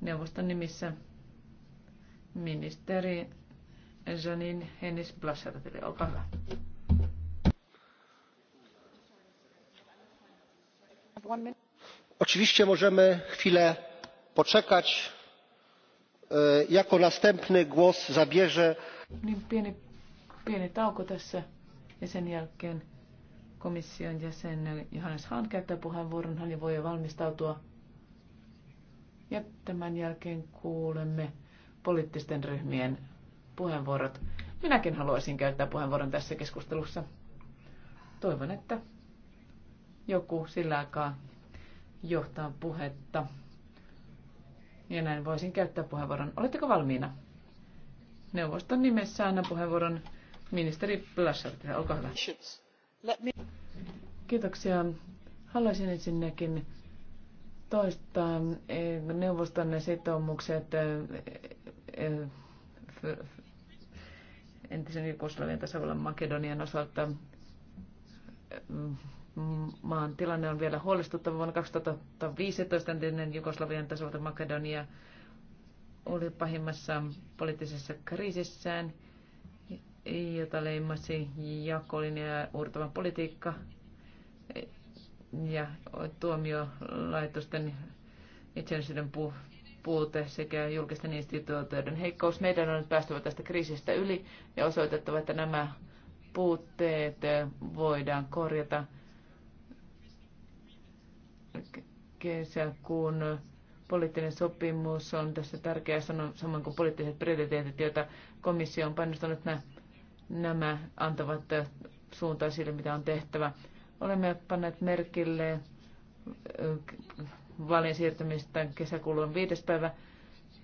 neuvoston nimissä ministeri Janine Hennis Blassertille. Olkaa hyvä. Oczywiście możemy chwilę poczekać. E, jako następny głos zabierze... Niin pieni, pieni tauko tässä ja sen jälkeen komission jäsen Johannes Hahn käyttää puheenvuoron. Hän voi jo valmistautua ja tämän jälkeen kuulemme poliittisten ryhmien puheenvuorot. Minäkin haluaisin käyttää puheenvuoron tässä keskustelussa. Toivon, että joku sillä aikaa johtaa puhetta. Ja näin voisin käyttää puheenvuoron. Oletteko valmiina? Neuvoston nimessä anna puheenvuoron ministeri Blasartille. Olkaa hyvä. Kiitoksia. Haluaisin ensinnäkin toistaa eh, neuvoston sitoumukset eh, eh, entisen Jugoslavian tasavallan Makedonian osalta mm, maan tilanne on vielä huolestuttava. Vuonna 2015 entinen Jugoslavian tasavalta Makedonia oli pahimmassa poliittisessa kriisissään, jota leimasi jakolinja ja uurtava politiikka – ja tuomiolaitosten itsenäisyyden pu- puute sekä julkisten instituutioiden heikkous. Meidän on nyt päästävä tästä kriisistä yli ja osoitettava, että nämä puutteet eh, voidaan korjata kesäkuun poliittinen sopimus on tässä tärkeä sanoa, samoin kuin poliittiset prioriteetit, joita komissio on painostanut, nämä, nämä antavat eh, suuntaa sille, mitä on tehtävä. Olemme panneet merkille vaalien siirtymistä kesäkuun viides päivä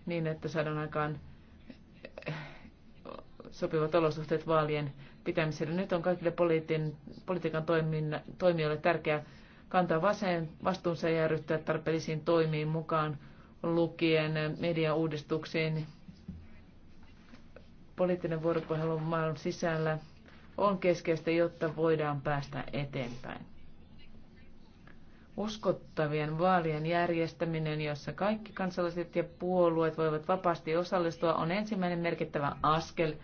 niin, että saadaan aikaan sopivat olosuhteet vaalien pitämiselle. Nyt on kaikille poliitin, politiikan toimijoille tärkeää kantaa vasen, vastuunsa ja ryhtyä tarpeellisiin toimiin mukaan lukien mediauudistuksiin, poliittinen vuoropuhelu maailman sisällä – on keskeistä, jotta voidaan päästä eteenpäin. Uskottavien vaalien järjestäminen, jossa kaikki kansalaiset ja puolueet voivat vapaasti osallistua, on ensimmäinen merkittävä askel,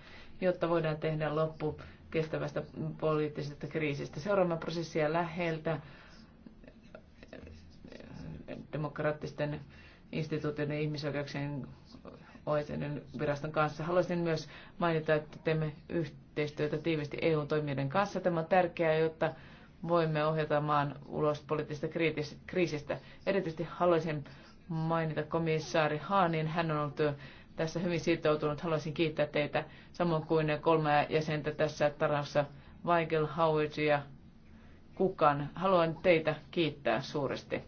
jotta voidaan tehdä loppu kestävästä poliittisesta kriisistä. Seuraamme prosessia läheltä demokraattisten instituutioiden ihmisoikeuksien OECDn viraston kanssa. Haluaisin myös mainita, että teemme yhteistyötä tiiviisti EU-toimijoiden kanssa. Tämä on tärkeää, jotta voimme ohjata maan ulos poliittisesta kriisistä. Erityisesti haluaisin mainita komissaari Haanin. Hän on ollut tässä hyvin sitoutunut. Haluaisin kiittää teitä, samoin kuin kolme jäsentä tässä tarassa, Weigel, Howard ja Kukan. Haluan teitä kiittää suuresti.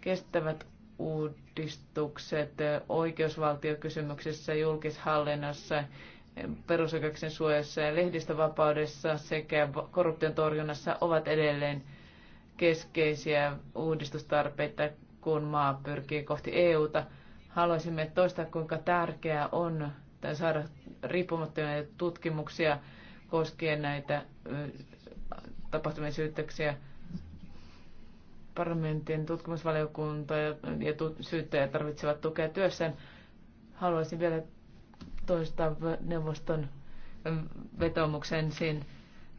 Kestävät uudet uudistukset oikeusvaltiokysymyksissä, julkishallinnassa, perusoikeuksien suojassa ja lehdistövapaudessa sekä korruption torjunnassa ovat edelleen keskeisiä uudistustarpeita, kun maa pyrkii kohti EUta. Haluaisimme toistaa, kuinka tärkeää on saada riippumattomia tutkimuksia koskien näitä tapahtumien syytöksiä parlamentin tutkimusvaliokunta ja, ja syyttäjä tarvitsevat tukea työssään. Haluaisin vielä toistaa neuvoston vetomuksen siinä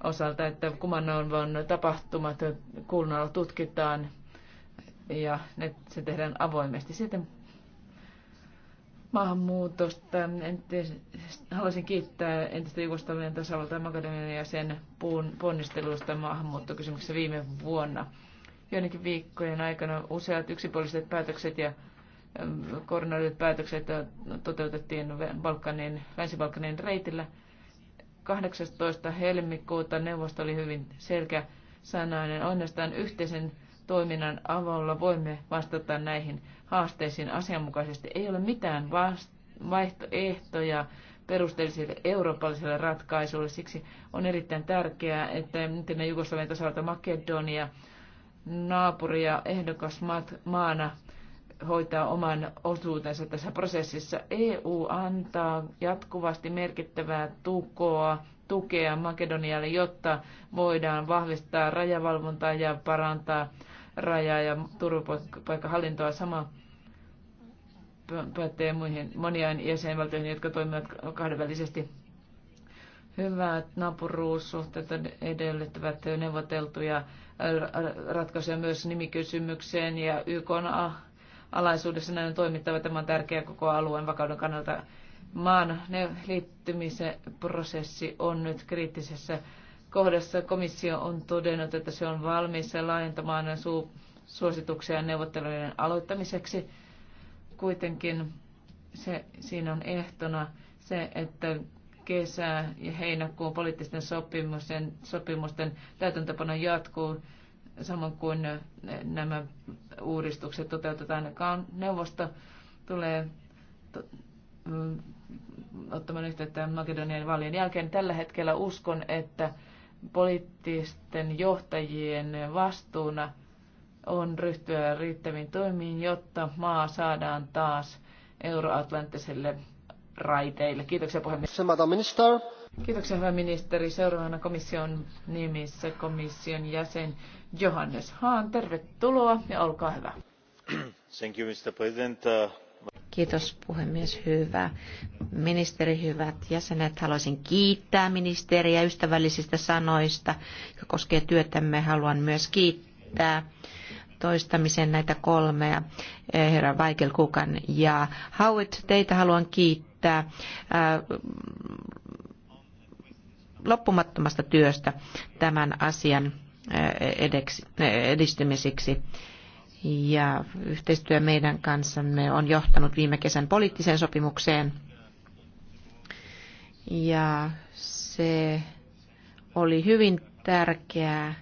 osalta, että Kumannaon tapahtumat kulunnolla tutkitaan ja ne, se tehdään avoimesti. Sitten maahanmuutosta. Entis, haluaisin kiittää entistä Jugoslavian tasavalta ja sen puun, ponnisteluista maahanmuuttokysymyksessä viime vuonna joidenkin viikkojen aikana useat yksipuoliset päätökset ja koordinoidut päätökset äh, toteutettiin Balkanin, Länsi-Balkanin reitillä. 18. helmikuuta neuvosto oli hyvin selkeä sanainen. Onnestaan yhteisen toiminnan avulla voimme vastata näihin haasteisiin asianmukaisesti. Ei ole mitään vaihtoehtoja perusteellisille eurooppalaisille ratkaisuille. Siksi on erittäin tärkeää, että entinen Jugoslavian tasavalta Makedonia naapuri ja ehdokas maana hoitaa oman osuutensa tässä prosessissa. EU antaa jatkuvasti merkittävää tukoa, tukea Makedonialle, jotta voidaan vahvistaa rajavalvontaa ja parantaa rajaa ja turvapaikkahallintoa sama pätee muihin moniaan jäsenvaltioihin, jotka toimivat kahdenvälisesti hyvät naapuruussuhteet edellyttävät neuvoteltuja äh, ratkaisuja myös nimikysymykseen ja YK on alaisuudessa näin toimittava. Tämä on tärkeä koko alueen vakauden kannalta. Maan liittymisen prosessi on nyt kriittisessä kohdassa. Komissio on todennut, että se on valmis laajentamaan su- suosituksia neuvottelujen aloittamiseksi. Kuitenkin se, siinä on ehtona se, että kesä ja heinäkuun poliittisten sopimusten, sopimusten täytäntöpano jatkuu, samoin kuin nämä uudistukset toteutetaan. Neuvosto tulee mm, ottamaan yhteyttä Makedonian vaalien jälkeen. Tällä hetkellä uskon, että poliittisten johtajien vastuuna on ryhtyä riittäviin toimiin, jotta maa saadaan taas euroatlanttiselle raiteille. Kiitoksia puhemies. Minister. Kiitoksia hyvä ministeri. Seuraavana komission nimissä komission jäsen Johannes Haan. Tervetuloa ja olkaa hyvä. Thank you, Mr. President. Kiitos puhemies, hyvä. Ministeri, hyvät jäsenet, haluaisin kiittää ministeriä ystävällisistä sanoista, jotka koskee työtämme. Haluan myös kiittää toistamisen näitä kolmea, eh, herra Vaikel Kukan ja Howard, teitä haluan kiittää että loppumattomasta työstä tämän asian edistymiseksi. Ja yhteistyö meidän kanssamme on johtanut viime kesän poliittiseen sopimukseen. Ja se oli hyvin tärkeää,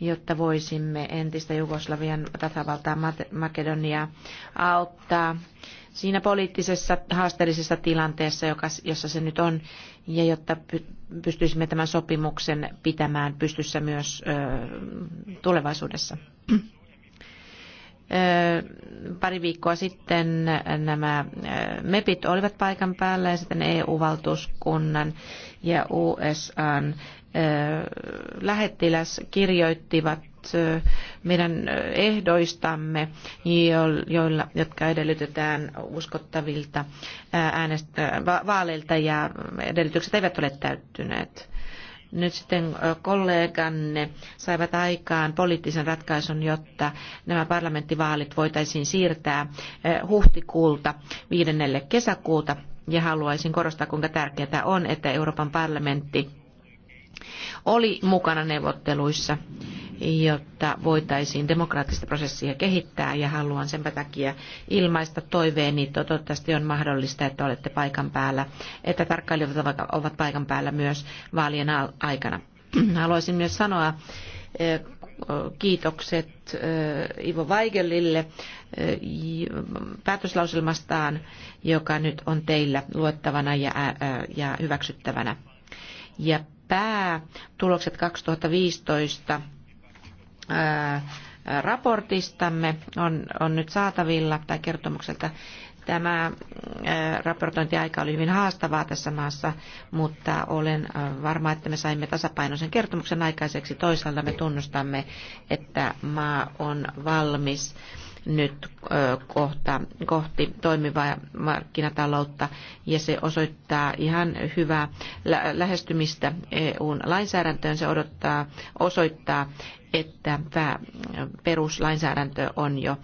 jotta voisimme entistä Jugoslavian tasavaltaa Makedoniaa auttaa siinä poliittisessa haasteellisessa tilanteessa, joka, jossa se nyt on, ja jotta pystyisimme tämän sopimuksen pitämään pystyssä myös tulevaisuudessa. Pari viikkoa sitten nämä MEPit olivat paikan päällä ja sitten EU-valtuuskunnan ja USAn lähettiläs kirjoittivat meidän ehdoistamme, joilla, jotka edellytetään uskottavilta äänestä, vaaleilta ja edellytykset eivät ole täyttyneet. Nyt sitten kolleganne saivat aikaan poliittisen ratkaisun, jotta nämä parlamenttivaalit voitaisiin siirtää huhtikuulta viidennelle kesäkuuta. Ja haluaisin korostaa, kuinka tärkeää on, että Euroopan parlamentti oli mukana neuvotteluissa jotta voitaisiin demokraattista prosessia kehittää ja haluan sen takia ilmaista toiveeni, että toivottavasti on mahdollista, että olette paikan päällä, että tarkkailijat ovat paikan päällä myös vaalien aikana. Haluaisin myös sanoa e, kiitokset e, Ivo Weigelille e, päätöslauselmastaan, joka nyt on teillä luettavana ja hyväksyttävänä. Ja päätulokset 2015 raportistamme on, on nyt saatavilla tai kertomukselta. Tämä raportointiaika oli hyvin haastavaa tässä maassa, mutta olen varma, että me saimme tasapainoisen kertomuksen aikaiseksi. Toisaalta me tunnustamme, että maa on valmis nyt kohta, kohti toimivaa markkinataloutta ja se osoittaa ihan hyvää lähestymistä EUn lainsäädäntöön. Se odottaa, osoittaa, että peruslainsäädäntö on jo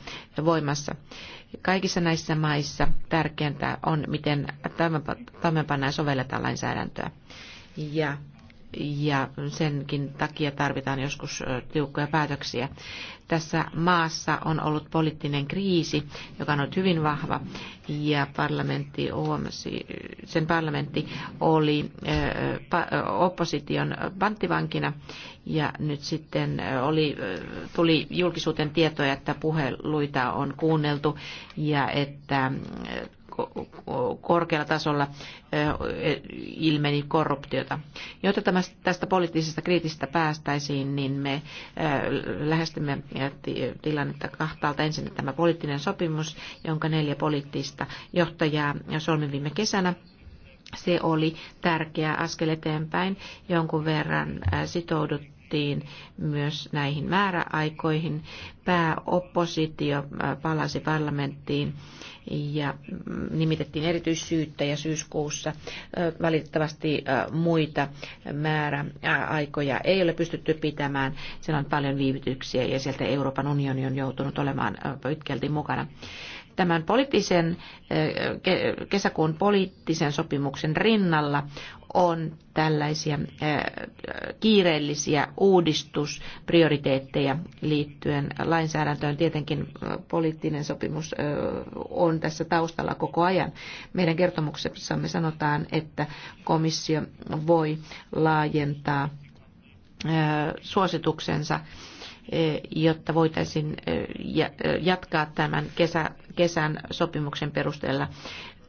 voimassa. Kaikissa näissä maissa tärkeintä on, miten toimeenpannaan ja sovelletaan lainsäädäntöä. Ja ja senkin takia tarvitaan joskus tiukkoja päätöksiä. Tässä maassa on ollut poliittinen kriisi, joka on ollut hyvin vahva, ja parlamentti huomasi, sen parlamentti oli opposition panttivankina, ja nyt sitten oli, tuli julkisuuteen tietoja, että puheluita on kuunneltu ja että korkealla tasolla e, ilmeni korruptiota. Jotta tästä poliittisesta kriitistä päästäisiin, niin me lähestymme tilannetta kahtaalta. Ensin tämä poliittinen sopimus, jonka neljä poliittista johtajaa solmin viime kesänä se oli tärkeä askel eteenpäin. Jonkun verran sitouduttiin vedottiin myös näihin määräaikoihin. Pääoppositio äh, palasi parlamenttiin ja mm, nimitettiin erityissyyttäjä syyskuussa. Äh, valitettavasti äh, muita määräaikoja ei ole pystytty pitämään. Siellä on paljon viivytyksiä ja sieltä Euroopan unioni on joutunut olemaan pitkälti mukana. Tämän poliittisen, kesäkuun poliittisen sopimuksen rinnalla on tällaisia kiireellisiä uudistusprioriteetteja liittyen lainsäädäntöön. Tietenkin poliittinen sopimus on tässä taustalla koko ajan. Meidän kertomuksessamme sanotaan, että komissio voi laajentaa suosituksensa Eh, jotta voitaisiin eh, eh, jatkaa tämän kesä, kesän sopimuksen perusteella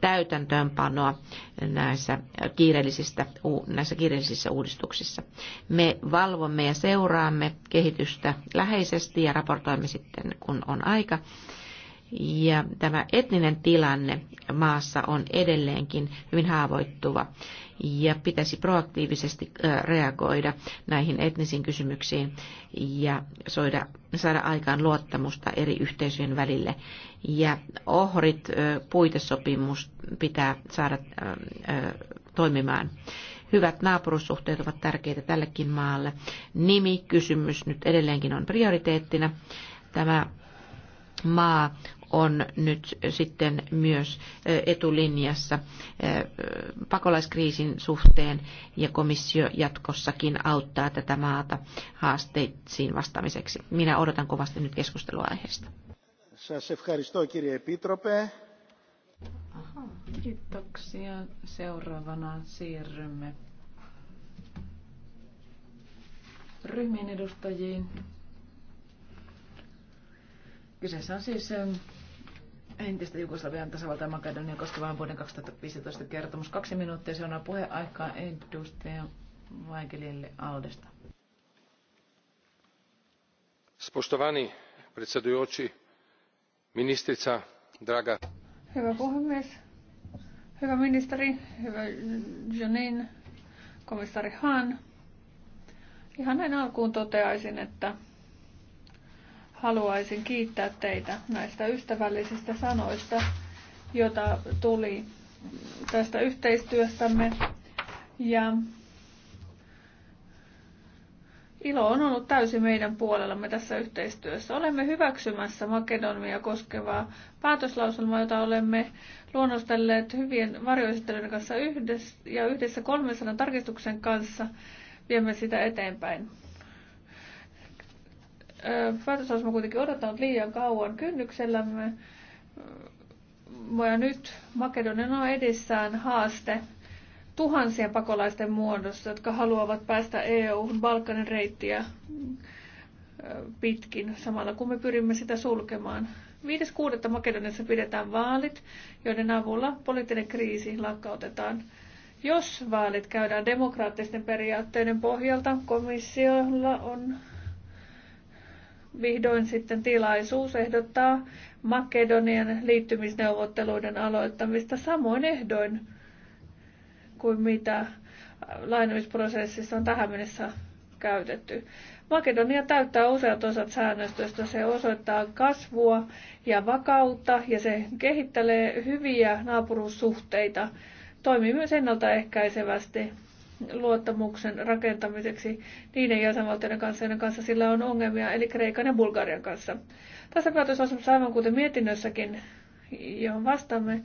täytäntöönpanoa näissä kiireellisissä, näissä kiireellisissä uudistuksissa. Me valvomme ja seuraamme kehitystä läheisesti ja raportoimme sitten, kun on aika. Ja tämä etninen tilanne maassa on edelleenkin hyvin haavoittuva ja pitäisi proaktiivisesti reagoida näihin etnisiin kysymyksiin ja soida, saada aikaan luottamusta eri yhteisöjen välille. Ja ohrit puitesopimus pitää saada toimimaan. Hyvät naapurussuhteet ovat tärkeitä tällekin maalle. Nimi kysymys nyt edelleenkin on prioriteettina. Tämä maa on nyt sitten myös etulinjassa pakolaiskriisin suhteen ja komissio jatkossakin auttaa tätä maata haasteisiin vastaamiseksi. Minä odotan kovasti nyt keskustelua aiheesta. kiitoksia. Seuraavana siirrymme ryhmien edustajiin. Kyseessä on siis entistä Jugoslavian tasavaltaa Makedonia koskevaan vuoden 2015 kertomus. Kaksi minuuttia se on puheaikaa edustaja Vaikelille Aldesta. Spostovani, predsedujoči, ministrica, draga. Hyvä puhemies, hyvä ministeri, hyvä Janin, komissaari Han. Ihan näin alkuun toteaisin, että haluaisin kiittää teitä näistä ystävällisistä sanoista, joita tuli tästä yhteistyöstämme. Ja ilo on ollut täysin meidän puolellamme tässä yhteistyössä. Olemme hyväksymässä Makedonia koskevaa päätöslauselmaa, jota olemme luonnostelleet hyvien varjoesittelyiden kanssa yhdessä ja yhdessä 300 tarkistuksen kanssa viemme sitä eteenpäin olisi kuitenkin odottanut liian kauan kynnyksellämme. Ja nyt Makedonian on edessään haaste tuhansien pakolaisten muodossa, jotka haluavat päästä EU-hun Balkanin reittiä pitkin, samalla kun me pyrimme sitä sulkemaan. 5.6. Makedoniassa pidetään vaalit, joiden avulla poliittinen kriisi lakkautetaan. Jos vaalit käydään demokraattisten periaatteiden pohjalta, komissiolla on vihdoin sitten tilaisuus ehdottaa Makedonian liittymisneuvotteluiden aloittamista samoin ehdoin kuin mitä lainomisprosessissa on tähän mennessä käytetty. Makedonia täyttää useat osat säännöstöstä. Se osoittaa kasvua ja vakautta ja se kehittelee hyviä naapuruussuhteita. Toimii myös ennaltaehkäisevästi luottamuksen rakentamiseksi niiden jäsenvaltioiden kanssa, joiden kanssa sillä on ongelmia, eli Kreikan ja Bulgarian kanssa. Tässä päätösasemassa aivan kuten mietinnössäkin, johon vastaamme,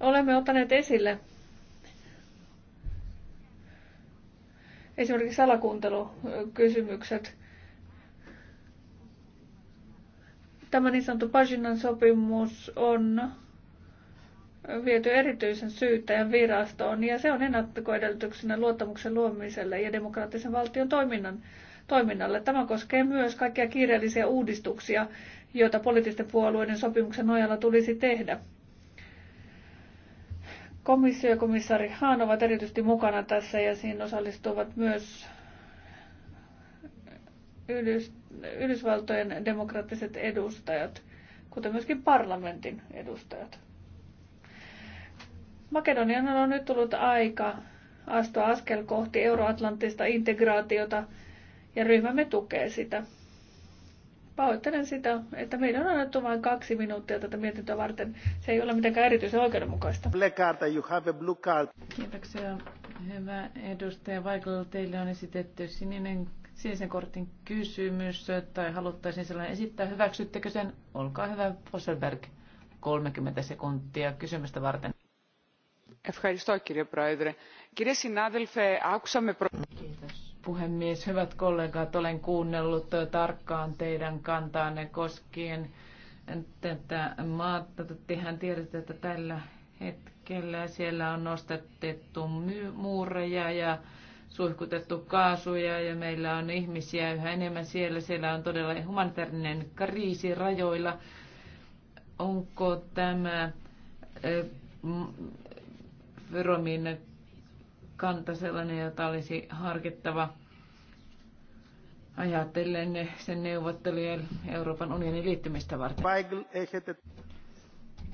olemme ottaneet esille esimerkiksi salakuuntelukysymykset. Tämä niin sanottu Pajinan sopimus on viety erityisen syyttäjän virastoon, ja se on ennakkoedellytyksenä luottamuksen luomiselle ja demokraattisen valtion toiminnan, toiminnalle. Tämä koskee myös kaikkia kiireellisiä uudistuksia, joita poliittisten puolueiden sopimuksen nojalla tulisi tehdä. Komissio ja komissaari Haan ovat erityisesti mukana tässä ja siinä osallistuvat myös Yhdysvaltojen demokraattiset edustajat, kuten myöskin parlamentin edustajat. Makedonian on nyt tullut aika astua askel kohti euroatlanttista integraatiota ja ryhmämme tukee sitä. Pahoittelen sitä, että meidän on annettu vain kaksi minuuttia tätä mietintöä varten. Se ei ole mitenkään erityisen oikeudenmukaista. Black card, you have a blue card. Kiitoksia. Hyvä edustaja Vaikalla, teille on esitetty sininen sinisen kortin kysymys tai haluttaisiin sellainen esittää. Hyväksyttekö sen? Olkaa hyvä, Fosselberg. 30 sekuntia kysymystä varten arvoisa puhemies. Hyvät kollegat, olen kuunnellut tarkkaan teidän kantaanne koskien tätä maata. Tehän tiedätte, että tällä hetkellä siellä on nostettu muureja ja suihkutettu kaasuja ja meillä on ihmisiä yhä enemmän siellä. Siellä on todella humanitaarinen kriisi rajoilla. Onko tämä eh, Fyromin kanta sellainen, jota olisi harkittava ajatellen sen neuvottelujen Euroopan unionin liittymistä varten. Eh,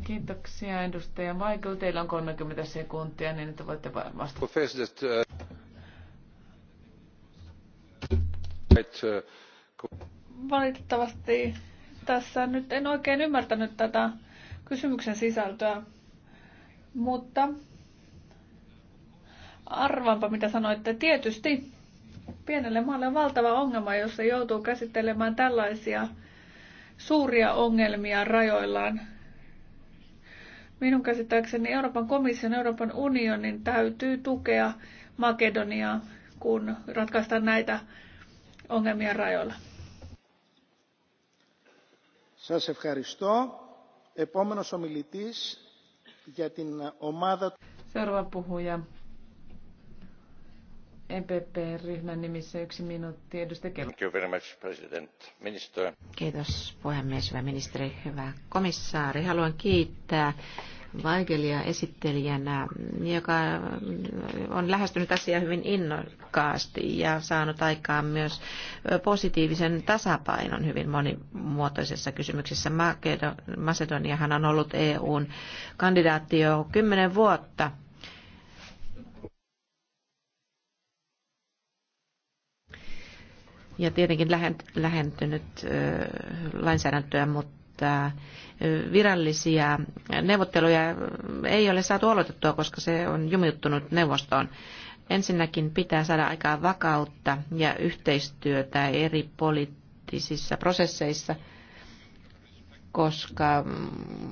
Kiitoksia edustaja Michael. Teillä on 30 sekuntia, niin että voitte vastata. Eh, Valitettavasti tässä nyt en oikein ymmärtänyt tätä kysymyksen sisältöä, mutta Arvaanpa, mitä sanoitte. Tietysti pienelle maalle on valtava ongelma, jos se joutuu käsittelemään tällaisia suuria ongelmia rajoillaan. Minun käsittääkseni Euroopan komission, Euroopan unionin täytyy tukea Makedoniaa, kun ratkaistaan näitä ongelmia rajoilla. Σας ευχαριστώ. Επόμενος ομιλητής για την ομάδα... Seuraava puhuja EPP-ryhmän nimissä yksi minuutti. Edustaja Kelo. Thank you very much, President. Minister. Kiitos puhemies, hyvä ministeri, hyvä komissaari. Haluan kiittää Vaikelia esittelijänä, joka on lähestynyt asiaa hyvin innokkaasti ja saanut aikaan myös positiivisen tasapainon hyvin monimuotoisessa kysymyksessä. Makedoniahan on ollut EUn kandidaatti jo kymmenen vuotta ja tietenkin lähentynyt lainsäädäntöä, mutta virallisia neuvotteluja ei ole saatu aloitettua, koska se on jumiuttunut neuvostoon. Ensinnäkin pitää saada aikaa vakautta ja yhteistyötä eri poliittisissa prosesseissa, koska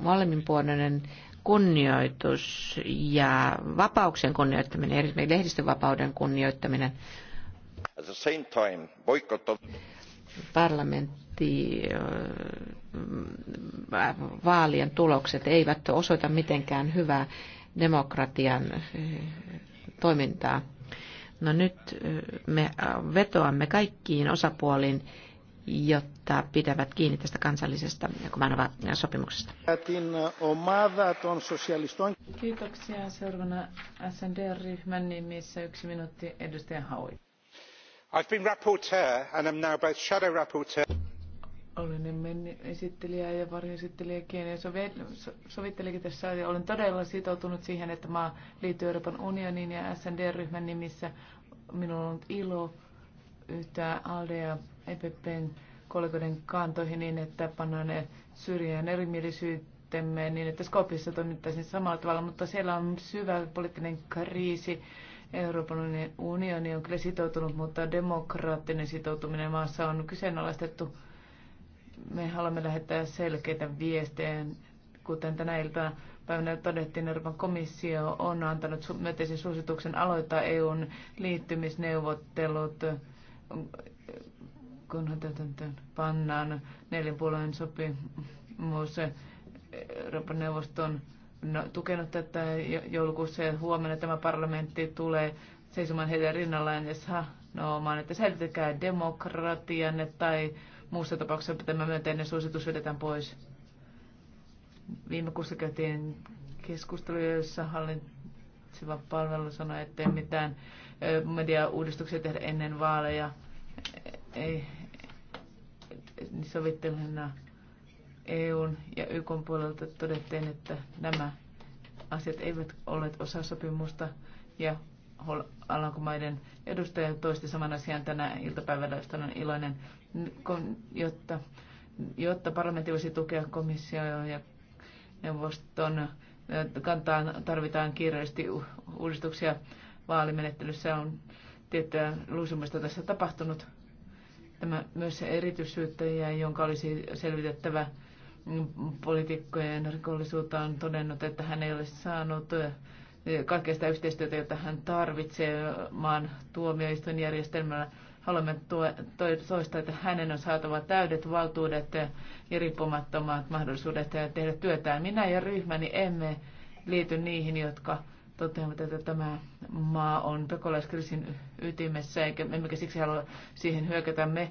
molemminpuolinen kunnioitus ja vapauksien kunnioittaminen, erityisesti lehdistövapauden kunnioittaminen, Parlamentti äh, äh, vaalien tulokset eivät osoita mitenkään hyvää demokratian äh, toimintaa. No nyt me vetoamme kaikkiin osapuoliin, jotta pitävät kiinni tästä kansallisesta Kumanova sopimuksesta. Kiitoksia. Seuraavana SND-ryhmän nimissä yksi minuutti edustaja Haui have been rapporteur and am now both shadow rapporteur. Olen esittelijä ja varjoesittelijäkin ja sovittelikin tässä. Ja olen todella sitoutunut siihen, että maa liittyy Euroopan unioniin ja SND-ryhmän nimissä. Minulla on ollut ilo yhtää ALDE ja EPPn kollegoiden kantoihin niin, että pannaan ne syrjään erimielisyytemme niin, että Skopissa toimittaisiin samalla tavalla, mutta siellä on syvä poliittinen kriisi Euroopan unioni on kyllä sitoutunut, mutta demokraattinen sitoutuminen maassa on kyseenalaistettu. Me haluamme lähettää selkeitä viestejä, kuten tänä iltana päivänä todettiin, Euroopan komissio on antanut myönteisen suosituksen aloittaa EUn liittymisneuvottelut, kunhan täytäntöön pannaan neljän puolueen sopimus Euroopan neuvoston tukenut tätä joulukuussa ja huomenna tämä parlamentti tulee seisomaan heidän rinnallaan ja sanomaan, että säilytäkää demokratianne tai muussa tapauksessa tämä myönteinen suositus vedetään pois. Viime kuussa käytiin keskusteluja, jossa hallitseva palvelu sanoi, että mitään mediauudistuksia tehdä ennen vaaleja. Ei, sovittelena EUn ja YKn puolelta todettiin, että nämä asiat eivät olleet osa sopimusta ja Alankomaiden edustaja toisti saman asian tänä iltapäivällä, josta olen iloinen, jotta, jotta parlamentti voisi tukea komissio ja neuvoston kantaa tarvitaan kiireellisesti uudistuksia vaalimenettelyssä on tiettyä luisumista tässä tapahtunut. Tämä myös erityissyyttäjä, jonka olisi selvitettävä poliitikkojen rikollisuutta on todennut, että hän ei ole saanut kaikkea sitä yhteistyötä, jota hän tarvitsee maan tuomioistuinjärjestelmällä. Haluamme toistaa, että hänen on saatava täydet valtuudet ja riippumattomat mahdollisuudet tehdä työtään. Minä ja ryhmäni emme liity niihin, jotka toteavat, että tämä maa on pekolaiskriisin ytimessä, eikä, emmekä siksi halua siihen hyökätä. Me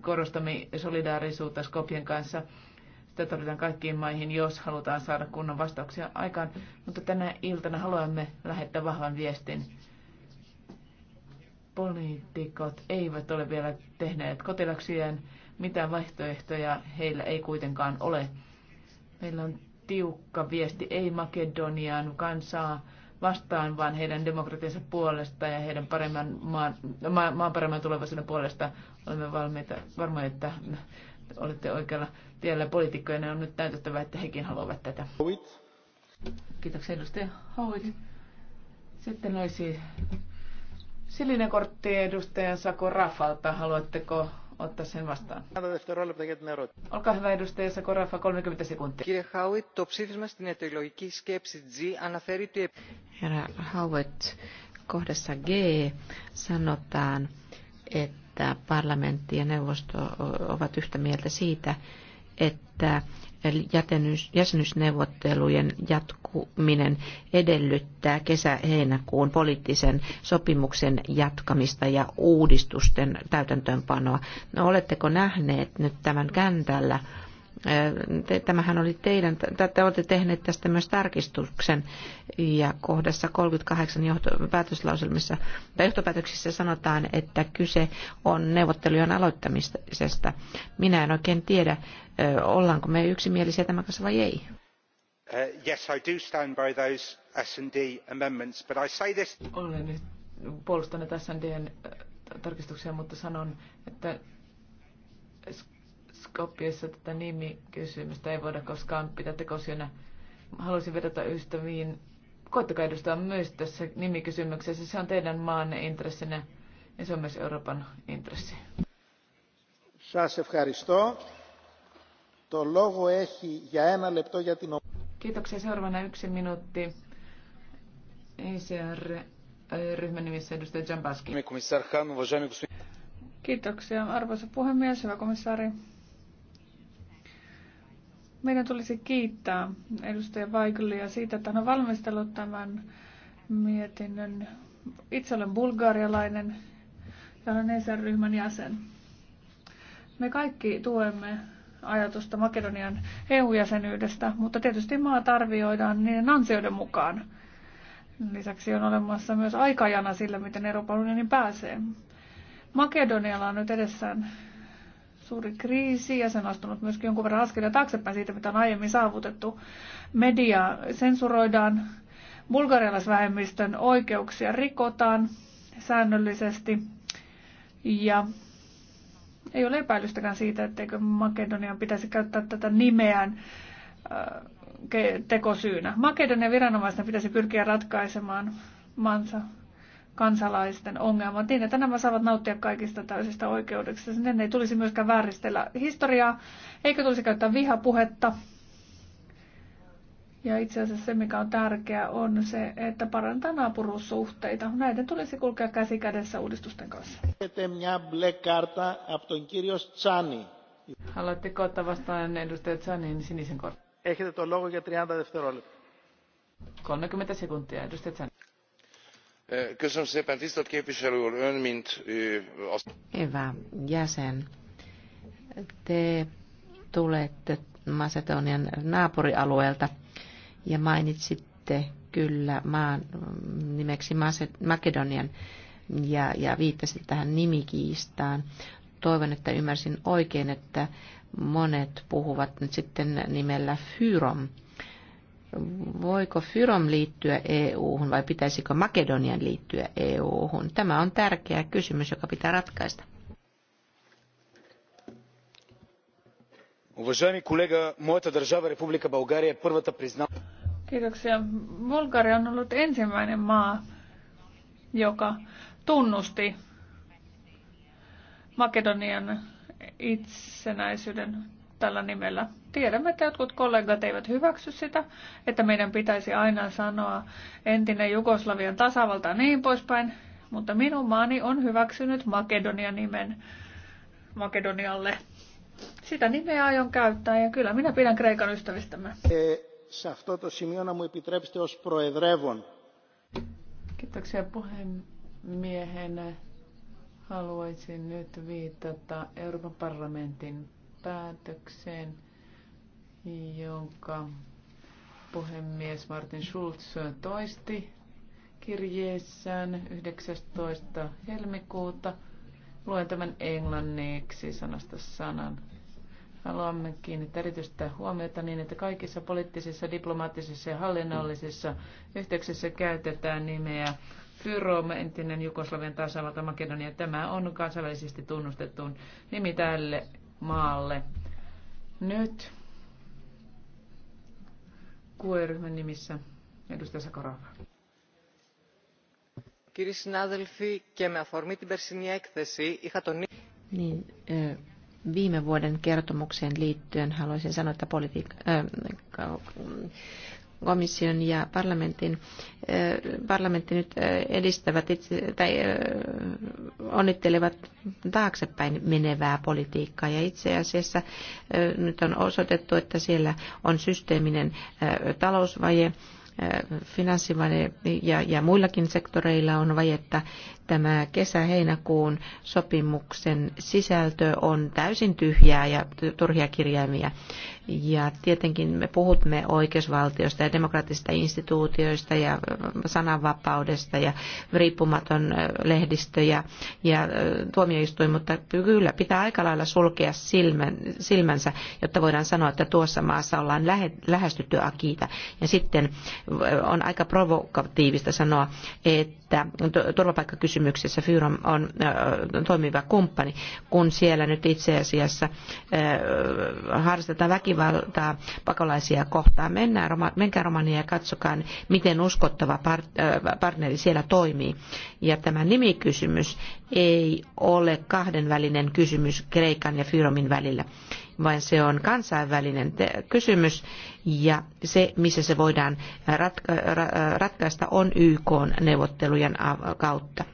korostamme solidaarisuutta Skopien kanssa sitä tarvitaan kaikkiin maihin, jos halutaan saada kunnon vastauksia aikaan. Mutta tänä iltana haluamme lähettää vahvan viestin. Poliitikot eivät ole vielä tehneet kotiläksyjään. Mitään vaihtoehtoja heillä ei kuitenkaan ole. Meillä on tiukka viesti ei Makedonian kansaa vastaan, vaan heidän demokratiansa puolesta ja heidän paremman maan, maan paremman tulevaisuuden puolesta. Olemme valmiita, varmoja, että olette oikealla vielä poliitikkojen on nyt näytettävä, että hekin haluavat tätä. Kiitoksia edustaja Hauit. Sitten olisi silinen kortti edustajan Sako Rafalta. Haluatteko ottaa sen vastaan? Olkaa hyvä edustaja Sako Rafa, 30 sekuntia. Kirja Hauit, to ψήφισμα στην ετοιολογική G anaferity. Herra Hauit, kohdassa G sanotaan, että parlamentti ja neuvosto ovat yhtä mieltä siitä, että jäsenyysneuvottelujen jatkuminen edellyttää kesä-heinäkuun poliittisen sopimuksen jatkamista ja uudistusten täytäntöönpanoa. No, oletteko nähneet nyt tämän kentällä? Tämähän oli teidän, te olette tehneet tästä myös tarkistuksen ja kohdassa 38 johtopäätöksissä sanotaan, että kyse on neuvottelujen aloittamisesta. Minä en oikein tiedä, ollaanko me yksimielisiä tämän kanssa vai ei? Uh, yes, I do stand by those S&D amendments, but I say this... Olen puolustanut S&Dn tarkistuksia, mutta sanon, että Skopiossa tätä nimikysymystä ei voida koskaan pitää tekosyönä. Haluaisin vedota ystäviin. Koittakaa edustaa myös tässä nimikysymyksessä. Se on teidän maanne intressinä ja se on myös Euroopan intressi. Σας ευχαριστώ. Το λόγο έχει για ένα λεπτό για την Kiitoksia. Seuraavana yksi minuutti. ECR-ryhmän nimissä edustaja Jambaski. Kiitoksia, arvoisa puhemies, hyvä komissaari. Meidän tulisi kiittää edustaja Vaikulia siitä, että hän on valmistellut tämän mietinnön. Itse olen bulgarialainen ja olen ECR-ryhmän jäsen. Me kaikki tuemme ajatusta Makedonian EU-jäsenyydestä, mutta tietysti maat arvioidaan niiden ansioiden mukaan. Lisäksi on olemassa myös aikajana sillä, miten Euroopan unionin pääsee. Makedonialla on nyt edessään suuri kriisi ja sen astunut myöskin jonkun verran askelia taaksepäin siitä, mitä on aiemmin saavutettu. Media sensuroidaan, bulgarialaisvähemmistön oikeuksia rikotaan säännöllisesti ja ei ole epäilystäkään siitä, etteikö Makedonian pitäisi käyttää tätä nimeään äh, tekosyynä. Makedonian viranomaisten pitäisi pyrkiä ratkaisemaan mansa kansalaisten ongelmat niin, että nämä saavat nauttia kaikista täysistä oikeudeksista. Sinne ei tulisi myöskään vääristellä historiaa, eikä tulisi käyttää vihapuhetta ja itse asiassa se, mikä on tärkeää, on se, että parantaa naapuruussuhteita. Näiden tulisi kulkea käsi kädessä uudistusten kanssa. Haluatteko ottaa vastaan edustaja Zanin sinisen kortin? Έχετε το λόγο για 30 δευτερόλεπτα. 30 sekuntia, edustaja Zanin. Köszönöm szépen, tisztelt képviselő úr, ön, mint... Hyvä jäsen, te tulette Macedonian naapurialueelta ja mainitsitte kyllä maan mm, nimeksi Makedonian ja, ja viittasitte tähän nimikiistaan. Toivon, että ymmärsin oikein, että monet puhuvat nyt sitten nimellä Fyrom. Voiko Fyrom liittyä EU-hun vai pitäisikö Makedonian liittyä EU-hun? Tämä on tärkeä kysymys, joka pitää ratkaista. Уважаеми колега, моята държава, Република България, е първата признана... Kiitoksia. Bulgaria on ollut ensimmäinen maa, joka tunnusti Makedonian itsenäisyyden tällä nimellä. Tiedämme, että jotkut kollegat eivät hyväksy sitä, että meidän pitäisi aina sanoa entinen Jugoslavian tasavalta ja niin poispäin, mutta minun maani on hyväksynyt Makedonian nimen Makedonialle. Sitä nimeä aion käyttää ja kyllä minä pidän Kreikan ystävistämme. E, se αυτό το σημείο να μου επιτρέψετε ως προεδρεύων. Kiitoksia puhemiehen Haluaisin nyt viitata Euroopan parlamentin päätökseen, jonka puhemies Martin Schulz toisti kirjeessään 19. helmikuuta. Luen tämän englanniksi sanasta sanan. Haluamme kiinnittää erityistä huomiota niin, että kaikissa poliittisissa, diplomaattisissa ja hallinnollisissa yhteyksissä käytetään nimeä Fyrom, entinen Jugoslavian tasavalta Makedonia. Tämä on kansainvälisesti tunnustettu nimi tälle maalle. Nyt QE-ryhmän nimissä edustaja Sakorava. Κύριοι συνάδελφοι, και με αφορμή την περσινή έκθεση είχα τον... Niin, viime vuoden kertomukseen liittyen haluaisin sanoa, että politiik- äh, komission ja parlamentin, äh, parlamentti nyt äh, edistävät itse, tai äh, onnittelevat taaksepäin menevää politiikkaa. Ja itse asiassa äh, nyt on osoitettu, että siellä on systeeminen äh, talousvaje, äh, finanssivaje ja, ja muillakin sektoreilla on vajetta tämä kesä-heinäkuun sopimuksen sisältö on täysin tyhjää ja turhia kirjaimia. Ja tietenkin me puhumme oikeusvaltiosta ja demokraattisista instituutioista ja sananvapaudesta ja riippumaton lehdistö ja, ja tuomioistuin, mutta kyllä pitää aika lailla sulkea silmän, silmänsä, jotta voidaan sanoa, että tuossa maassa ollaan lähe, lähestytty Akiita. Ja sitten on aika provokatiivista sanoa, että että turvapaikkakysymyksessä Fyrom on toimiva kumppani, kun siellä nyt itse asiassa harrastetaan väkivaltaa pakolaisia kohtaan. Mennään, menkää Romania ja katsokaa, miten uskottava partneri siellä toimii. Ja tämä nimikysymys ei ole kahdenvälinen kysymys Kreikan ja Fyromin välillä vaan se on kansainvälinen kysymys ja se, missä se voidaan ratka- ra- ratkaista, on YK-neuvottelujen kautta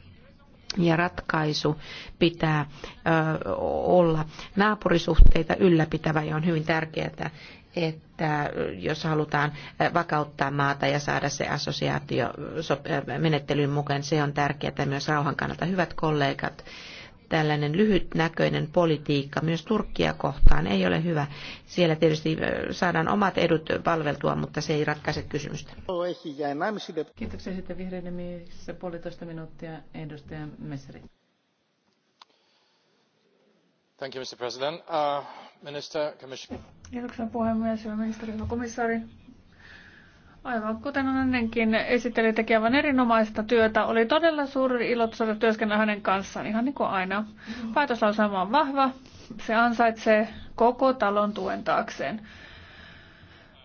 ja ratkaisu pitää olla naapurisuhteita ylläpitävä ja on hyvin tärkeää, että jos halutaan vakauttaa maata ja saada se assosiaatio menettelyyn mukaan, se on tärkeää myös rauhan kannalta. Hyvät kollegat, tällainen lyhytnäköinen politiikka myös Turkkia kohtaan ei ole hyvä. Siellä tietysti saadaan omat edut palveltua, mutta se ei ratkaise kysymystä. Kiitoksia sitten vihreiden missä puolitoista minuuttia edustaja Messeri. Thank you, Mr. President. Uh, minister, commission... Kiitoksia puhemies ja ministeri ja komissaari. Aivan kuten on ennenkin esitteli tekevän erinomaista työtä, oli todella suuri ilo saada työskennellä hänen kanssaan, ihan niin kuin aina. Päätöslauselma on vahva, se ansaitsee koko talon tuen taakseen.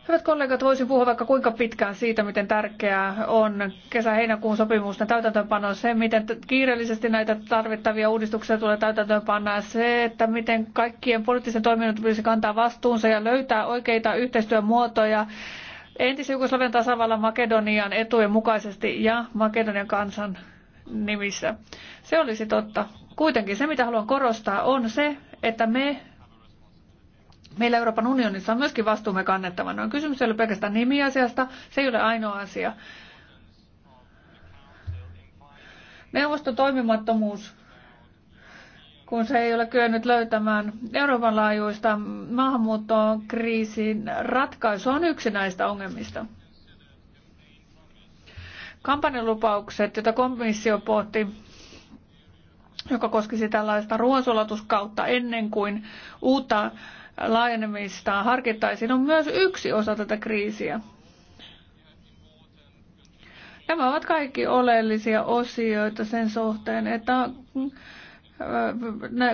Hyvät kollegat, voisin puhua vaikka kuinka pitkään siitä, miten tärkeää on kesä-heinäkuun sopimusten täytäntöönpano, se, miten kiireellisesti näitä tarvittavia uudistuksia tulee täytäntöönpanna, se, että miten kaikkien poliittisen toiminnan tulisi kantaa vastuunsa ja löytää oikeita yhteistyömuotoja entisen Jugoslavian tasavallan Makedonian etujen mukaisesti ja Makedonian kansan nimissä. Se olisi totta. Kuitenkin se, mitä haluan korostaa, on se, että me Meillä Euroopan unionissa on myöskin vastuumme kannettavana. Kysymys ei ole pelkästään nimiasiasta, se ei ole ainoa asia. Neuvoston toimimattomuus kun se ei ole kyennyt löytämään Euroopan laajuista maahanmuuttoon kriisin ratkaisua on yksi näistä ongelmista. Kampanjalupaukset, joita komissio pohti, joka koskisi tällaista ruoansulatuskautta ennen kuin uutta laajenemista harkittaisiin, on myös yksi osa tätä kriisiä. Nämä ovat kaikki oleellisia osioita sen suhteen, että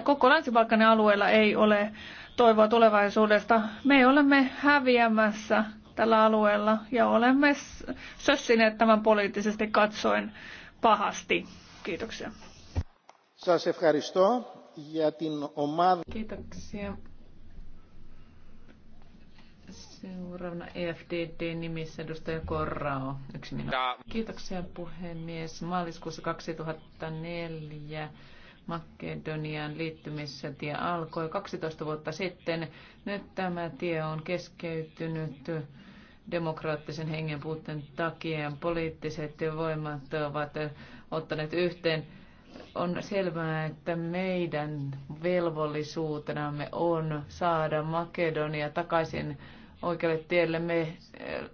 koko länsi alueella ei ole toivoa tulevaisuudesta. Me olemme häviämässä tällä alueella ja olemme sössineet tämän poliittisesti katsoen pahasti. Kiitoksia. Kiitoksia. Seuraavana EFDD-nimissä edustaja Korrao. Yksi minuutti. Kiitoksia puhemies. Maaliskuussa 2004 Makedonian liittymissä tie alkoi 12 vuotta sitten. Nyt tämä tie on keskeytynyt demokraattisen hengen puutteen takia. Poliittiset voimat ovat ottaneet yhteen. On selvää, että meidän velvollisuutenamme on saada Makedonia takaisin oikealle tielle. Me,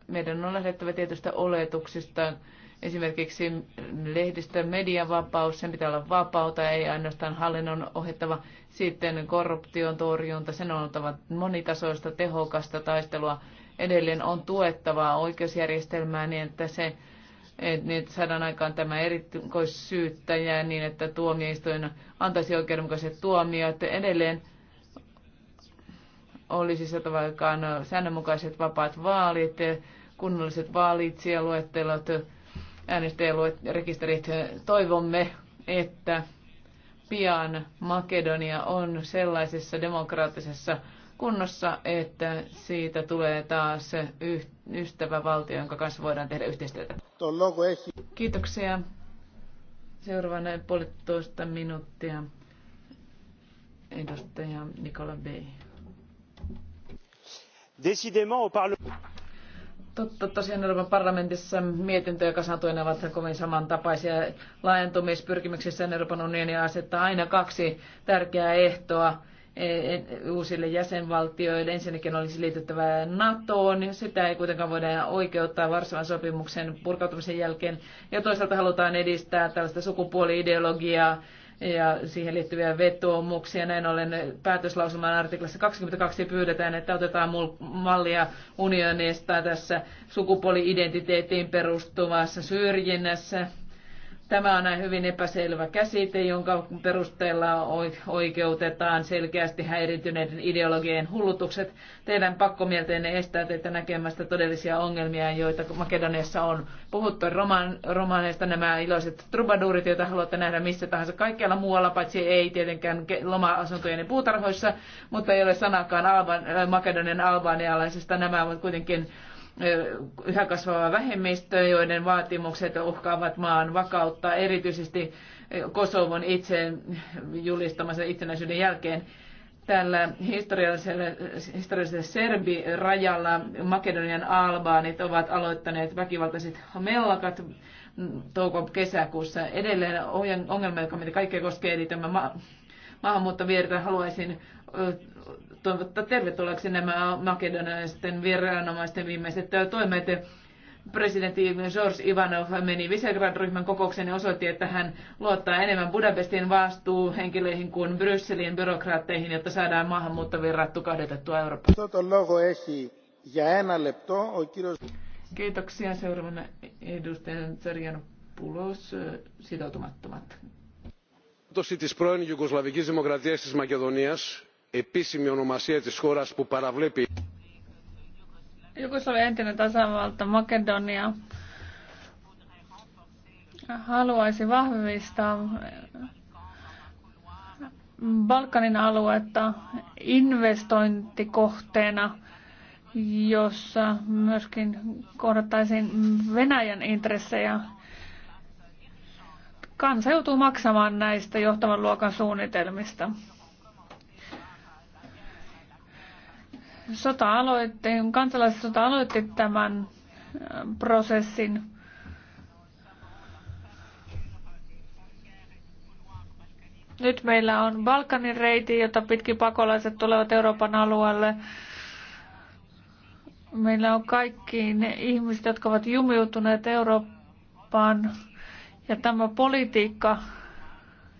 meidän on lähdettävä tietystä oletuksista. Esimerkiksi lehdistön median vapaus, sen pitää olla vapauta, ei ainoastaan hallinnon ohjattava. Sitten korruption torjunta, sen on oltava monitasoista, tehokasta taistelua. Edelleen on tuettavaa oikeusjärjestelmää niin, että se niin että saadaan aikaan tämä erikoissyyttäjä niin, että tuomioistuin antaisi oikeudenmukaiset tuomiot. Edelleen olisi saatava aikaan säännönmukaiset vapaat vaalit, kunnolliset vaalitsijaluettelot, rekisterit. Toivomme, että pian Makedonia on sellaisessa demokraattisessa kunnossa, että siitä tulee taas ystävävaltio, jonka kanssa voidaan tehdä yhteistyötä. Kiitoksia. Seuraavana puolitoista minuuttia edustaja Nikola B. Décidément au Parlement. Totta, tosiaan Euroopan parlamentissa mietintö ja kasantuina ovat kovin samantapaisia. Laajentumispyrkimyksissä Euroopan unioni asettaa aina kaksi tärkeää ehtoa e- uusille jäsenvaltioille. Ensinnäkin olisi liityttävä NATOon, niin sitä ei kuitenkaan voida oikeuttaa Varsovan sopimuksen purkautumisen jälkeen. Ja toisaalta halutaan edistää tällaista sukupuoliideologiaa ja siihen liittyviä vetoomuksia. Näin ollen päätöslausuman artiklassa 22 pyydetään, että otetaan mallia unionista tässä sukupuoli-identiteettiin perustuvassa syrjinnässä Tämä on hyvin epäselvä käsite, jonka perusteella oikeutetaan selkeästi häirityneiden ideologien hullutukset. Teidän pakkomielteenne estää teitä näkemästä todellisia ongelmia, joita Makedoniassa on puhuttu roman, Nämä iloiset trubaduurit, joita haluatte nähdä missä tahansa kaikkialla muualla, paitsi ei tietenkään loma-asuntojen ja puutarhoissa, mutta ei ole sanakaan Makedonian albaanialaisesta. Nämä ovat kuitenkin yhä kasvava vähemmistö, joiden vaatimukset uhkaavat maan vakautta, erityisesti Kosovon itse julistamansa itsenäisyyden jälkeen. Tällä historiallisella, historiallisella Serbi-rajalla Makedonian albaanit ovat aloittaneet väkivaltaiset mellakat touko-kesäkuussa. Edelleen ongelma, joka meitä kaikkea koskee, eli tämä ma- maahanmuuttovirta. Haluaisin toivottaa tervetulleeksi nämä makedonaisten viranomaisten viimeiset toimet. Presidentti George Ivanov meni Visegrad-ryhmän kokoukseen ja osoitti, että hän luottaa enemmän Budapestin vastuuhenkilöihin kuin Brysselin byrokraatteihin, jotta saadaan maahanmuuttovirrat tukahdetettua Eurooppaan. Kiitoksia. Seuraavana edustajan Tsarjan Pulos, sitoutumattomat. Tuossa της πρώην Ιουγκοσλαβικής Δημοκρατίας της Μακεδονίας επίσημη ονομασία της χώρας που παραβλέπει entinen tasavalta Makedonia haluaisi vahvistaa eh, Balkanin aluetta investointikohteena, jossa myöskin kohdattaisiin Venäjän intressejä. Kansa joutuu maksamaan näistä johtavan luokan suunnitelmista. sota aloitti, kansalaissota aloitti tämän äh, prosessin. Nyt meillä on Balkanin reiti, jota pitkin pakolaiset tulevat Euroopan alueelle. Meillä on kaikki ne ihmiset, jotka ovat jumiutuneet Eurooppaan. Ja tämä politiikka,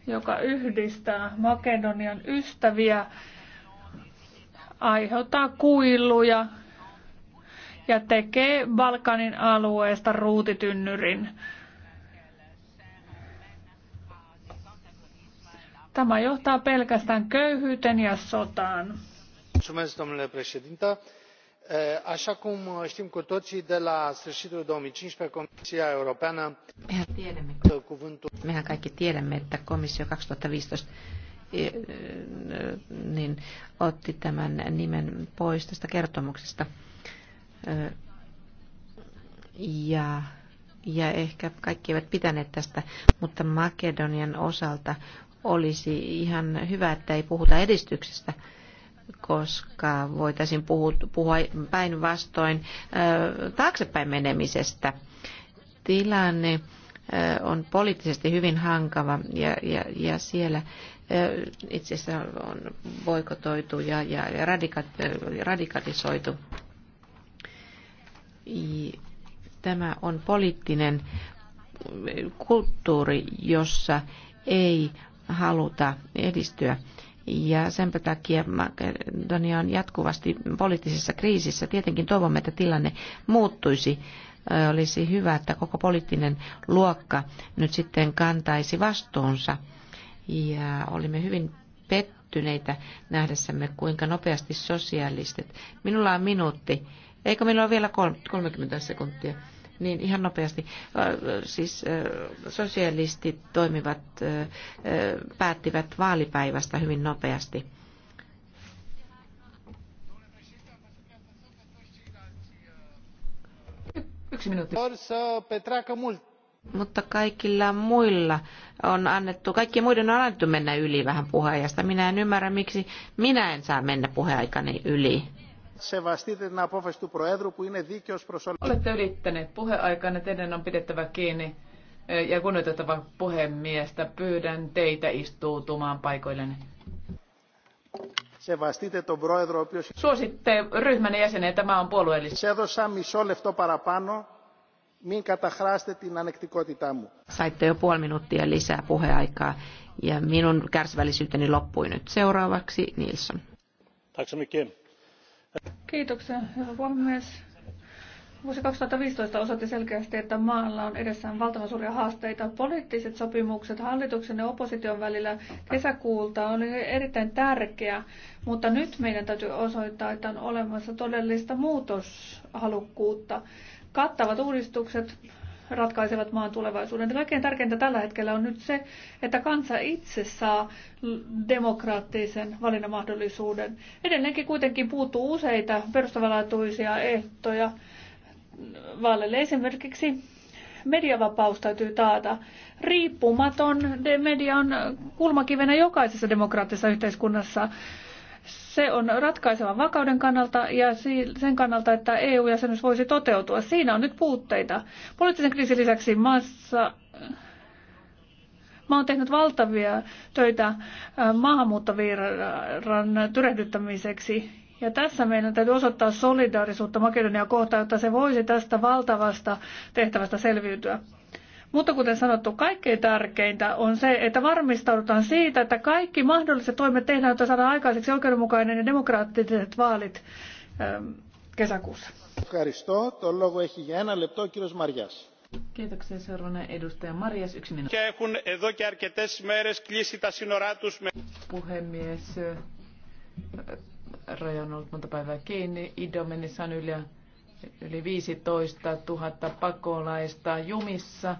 joka yhdistää Makedonian ystäviä aiheuttaa kuiluja ja tekee Balkanin alueesta ruutitynnyrin. Tämä johtaa pelkästään köyhyyteen ja sotaan. domnule președinte eh, așa cum știm cu toții de la sfârșitul două comisia europeană mehän kaikki tiedämme että komissio kaksituhatta niin otti tämän nimen pois tästä kertomuksesta. Ja, ja ehkä kaikki eivät pitäneet tästä, mutta Makedonian osalta olisi ihan hyvä, että ei puhuta edistyksestä koska voitaisiin puhua, päinvastoin taaksepäin menemisestä. Tilanne on poliittisesti hyvin hankava ja, ja, ja siellä itse asiassa on boikotoitu ja, ja radikalisoitu. Tämä on poliittinen kulttuuri, jossa ei haluta edistyä. Ja sen takia Makedonia on jatkuvasti poliittisessa kriisissä. Tietenkin toivomme, että tilanne muuttuisi. Olisi hyvä, että koko poliittinen luokka nyt sitten kantaisi vastuunsa ja olimme hyvin pettyneitä nähdessämme, kuinka nopeasti sosialistit. Minulla on minuutti. Eikö minulla ole vielä 30 sekuntia? Niin ihan nopeasti. Siis sosialistit toimivat, päättivät vaalipäivästä hyvin nopeasti. Yksi minuutti. Mutta kaikilla muilla on annettu, kaikkien muiden on annettu mennä yli vähän puheajasta. Minä en ymmärrä, miksi minä en saa mennä puheaikani yli. Olette ylittäneet puheaikana, teidän on pidettävä kiinni ja kunnioitettava puhemiestä. Pyydän teitä istuutumaan paikoillenne. Σεβαστείτε τον πρόεδρο ο οποίος... Suositte ryhmän jäsenen, tämä on puolueellista. Σε έδωσα μισό λεπτό παραπάνω Μην την ανεκτικότητά μου. Saitte jo puoli minuuttia lisää puheaikaa ja minun kärsivällisyyteni loppui nyt. Seuraavaksi Nilsson. Kiitoksia, herra puhemies. Vuosi 2015 osoitti selkeästi, että maalla on edessään valtavan suuria haasteita. Poliittiset sopimukset hallituksen ja opposition välillä kesäkuulta on erittäin tärkeä, mutta nyt meidän täytyy osoittaa, että on olemassa todellista muutoshalukkuutta. Kattavat uudistukset ratkaisevat maan tulevaisuuden. Kaikkein tärkeintä tällä hetkellä on nyt se, että kansa itse saa demokraattisen valinnanmahdollisuuden. Edelleenkin kuitenkin puuttuu useita perustavanlaatuisia ehtoja vaaleille. Esimerkiksi mediavapaus täytyy taata. Riippumaton media on kulmakivenä jokaisessa demokraattisessa yhteiskunnassa. Se on ratkaisevan vakauden kannalta ja sen kannalta, että EU-jäsenyys voisi toteutua. Siinä on nyt puutteita. Poliittisen kriisin lisäksi maassa Mä oon tehnyt valtavia töitä äh, maahanmuuttovirran tyrehdyttämiseksi. Ja tässä meidän täytyy osoittaa solidaarisuutta Makedonia kohtaan, jotta se voisi tästä valtavasta tehtävästä selviytyä. Mutta kuten sanottu, kaikkein tärkeintä on se, että varmistaudutaan siitä, että kaikki mahdolliset toimet tehdään, jotta saadaan aikaiseksi oikeudenmukainen ja demokraattiset vaalit ähm, kesäkuussa. Kiitoksia. Seuraavana edustaja Marjas, yksi minuutti. Puhemies, raja on ollut monta päivää kiinni. Idomenissa on yli, yli 15 000 pakolaista jumissa.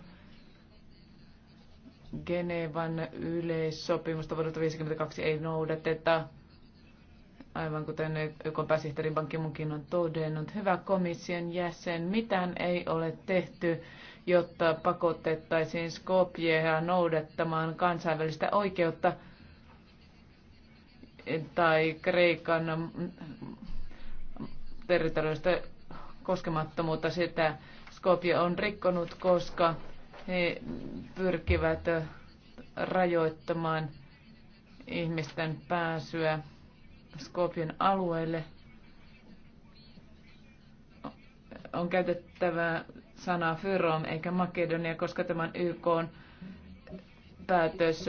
Genevan yleissopimusta vuodelta 1952 ei noudateta, aivan kuten YK pääsihteeri Ban ki on todennut. Hyvä komission jäsen, mitään ei ole tehty, jotta pakotettaisiin Skopjea noudattamaan kansainvälistä oikeutta tai Kreikan territoriaalista koskemattomuutta sitä Skopje on rikkonut, koska he pyrkivät rajoittamaan ihmisten pääsyä Skopjen alueelle. On käytettävä sanaa Fyrom eikä Makedonia, koska tämän YK on päätös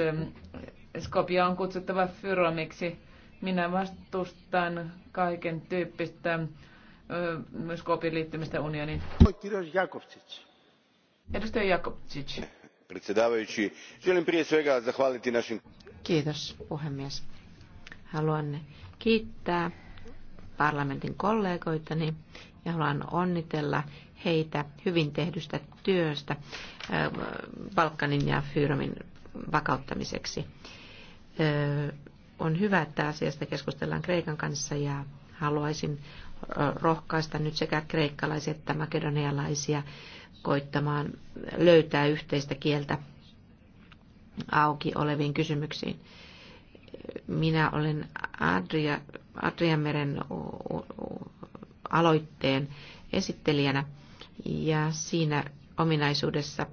Skopia on kutsuttava Fyromiksi. Minä vastustan kaiken tyyppistä Skopin liittymistä unioniin arvoisa predsjedavajući želim prije svega zahvaliti našim. kiitos puhemies haluan kiittää parlamentin kollegoitani ja haluan onnitella heitä hyvin tehdystä työstä äh, Balkanin ja Fyyromin vakauttamiseksi. Äh, on hyvä, että asiasta keskustellaan Kreikan kanssa ja haluaisin äh, rohkaista nyt sekä kreikkalaisia että makedonialaisia koittamaan löytää yhteistä kieltä auki oleviin kysymyksiin. Minä olen Adria, Adrianmeren aloitteen esittelijänä ja siinä ominaisuudessa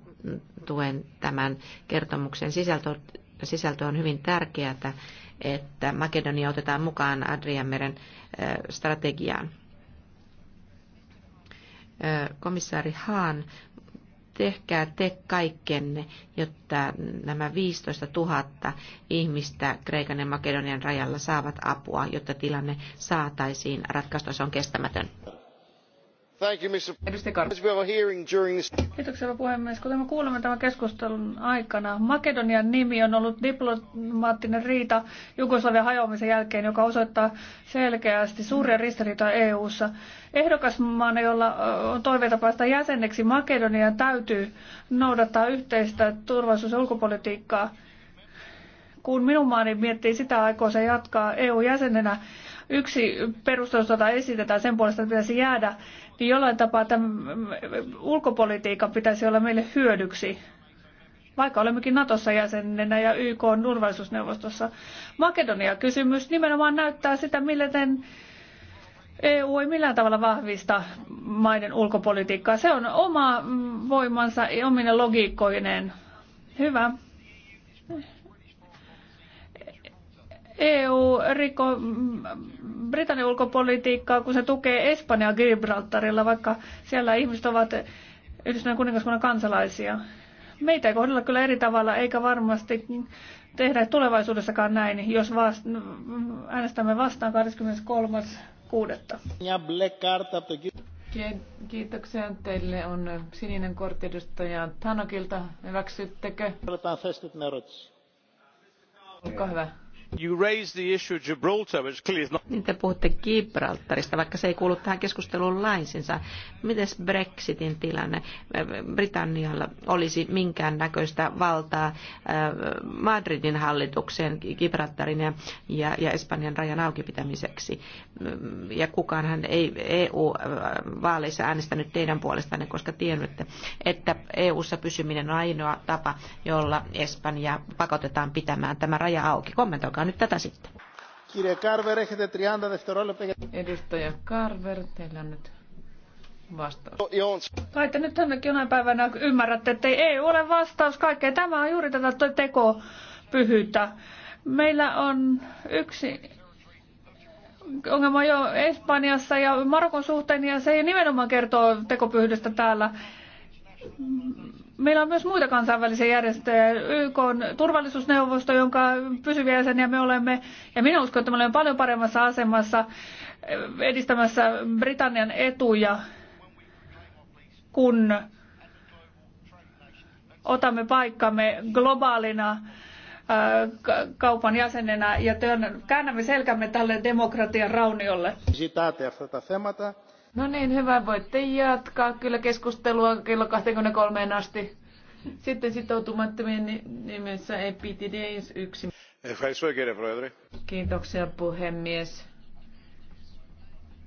tuen tämän kertomuksen sisältö, sisältö on hyvin tärkeää, että Makedonia otetaan mukaan Adrianmeren strategiaan komissaari Haan tehkää te kaikkenne, jotta nämä 15 000 ihmistä Kreikan ja Makedonian rajalla saavat apua, jotta tilanne saataisiin ratkaistua. Se on kestämätön. Kiitoksia puhemies. Kuten me kuulemme tämän keskustelun aikana, Makedonian nimi on ollut diplomaattinen riita Jugoslavian hajoamisen jälkeen, joka osoittaa selkeästi suuria ristiriitoja EU-ssa. Ehdokasmaana, jolla on toiveita päästä jäseneksi, Makedonian täytyy noudattaa yhteistä turvallisuus- ja ulkopolitiikkaa. Kun minun maani miettii sitä aikaa se jatkaa EU-jäsenenä, yksi perustelus, jota esitetään sen puolesta, että pitäisi jäädä niin jollain tapaa tämän mm, ulkopolitiikan pitäisi olla meille hyödyksi, vaikka olemmekin Natossa jäsenenä ja YK on turvallisuusneuvostossa. Makedonia-kysymys nimenomaan näyttää sitä, miten EU ei millään tavalla vahvista maiden ulkopolitiikkaa. Se on oma mm, voimansa ja omine logiikkoineen. Hyvä. EU riko Britannian ulkopolitiikkaa, kun se tukee Espanjaa Gibraltarilla, vaikka siellä ihmiset ovat Yhdistyneen kuningaskunnan kansalaisia. Meitä ei kohdella kyllä eri tavalla, eikä varmasti tehdä tulevaisuudessakaan näin, jos vast, äänestämme vastaan 23.6. Kiitoksia. Teille on sininen kortti edustaja Tanokilta. Hyväksyttekö? Olkaa hyvä te puhutte Gibraltarista, vaikka se ei kuulu tähän keskusteluun laisinsa. Mites Brexitin tilanne? Britannialla olisi minkään näköistä valtaa äh, Madridin hallitukseen Gibraltarin ja, ja, ja Espanjan rajan auki pitämiseksi. Mm, ja kukaanhan ei EU-vaaleissa äh, äänestänyt teidän puolestanne, koska tiennytte, että EU-ssa pysyminen on ainoa tapa, jolla Espanja pakotetaan pitämään tämä raja auki. Kommentoikaa Ajatelkaa nyt tätä sitten. Kirja Carver, ehkä 30 deftorollepä. Edustaja Carver, teillä on nyt vastaus. Kai te nyt jonain päivänä ymmärrätte, että ei EU ole vastaus kaikkeen. Tämä on juuri tätä tekopyhyyttä. Meillä on yksi ongelma jo Espanjassa ja Marokon suhteen, ja se ei nimenomaan kertoo tekopyhyydestä täällä. Meillä on myös muita kansainvälisiä järjestöjä, YK on turvallisuusneuvosto, jonka pysyviä jäseniä me olemme, ja minä uskon, että me olemme paljon paremmassa asemassa eh, edistämässä Britannian etuja, kun otamme paikkamme globaalina eh, kaupan jäsenenä ja käännämme selkämme tälle demokratian rauniolle. No niin, hyvä. Voitte jatkaa kyllä keskustelua kello 23 asti. Sitten sitoutumattomien nimessä EPTD 1. Kiitoksia puhemies.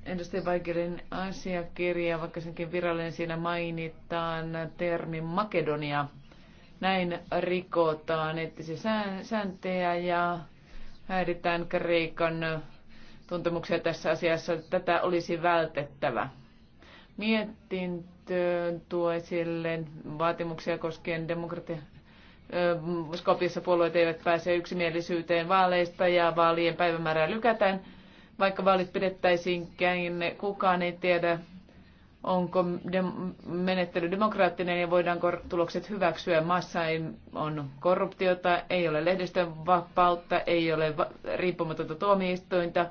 Edustaja Vaikerin asiakirja, vaikka senkin virallinen siinä mainitaan termi Makedonia. Näin rikotaan eettisiä sääntejä ja häiritään Kreikan tuntemuksia tässä asiassa. Tätä olisi vältettävä. Mietintö tuo esille vaatimuksia koskien demokratia. Skopiassa puolueet eivät pääse yksimielisyyteen vaaleista ja vaalien päivämäärää lykätään. Vaikka vaalit pidettäisiinkään, kukaan ei tiedä, onko dem- menettely demokraattinen ja voidaanko tulokset hyväksyä. Massa ei, on korruptiota, ei ole lehdistön vapautta, ei ole riippumatonta tuomioistuinta,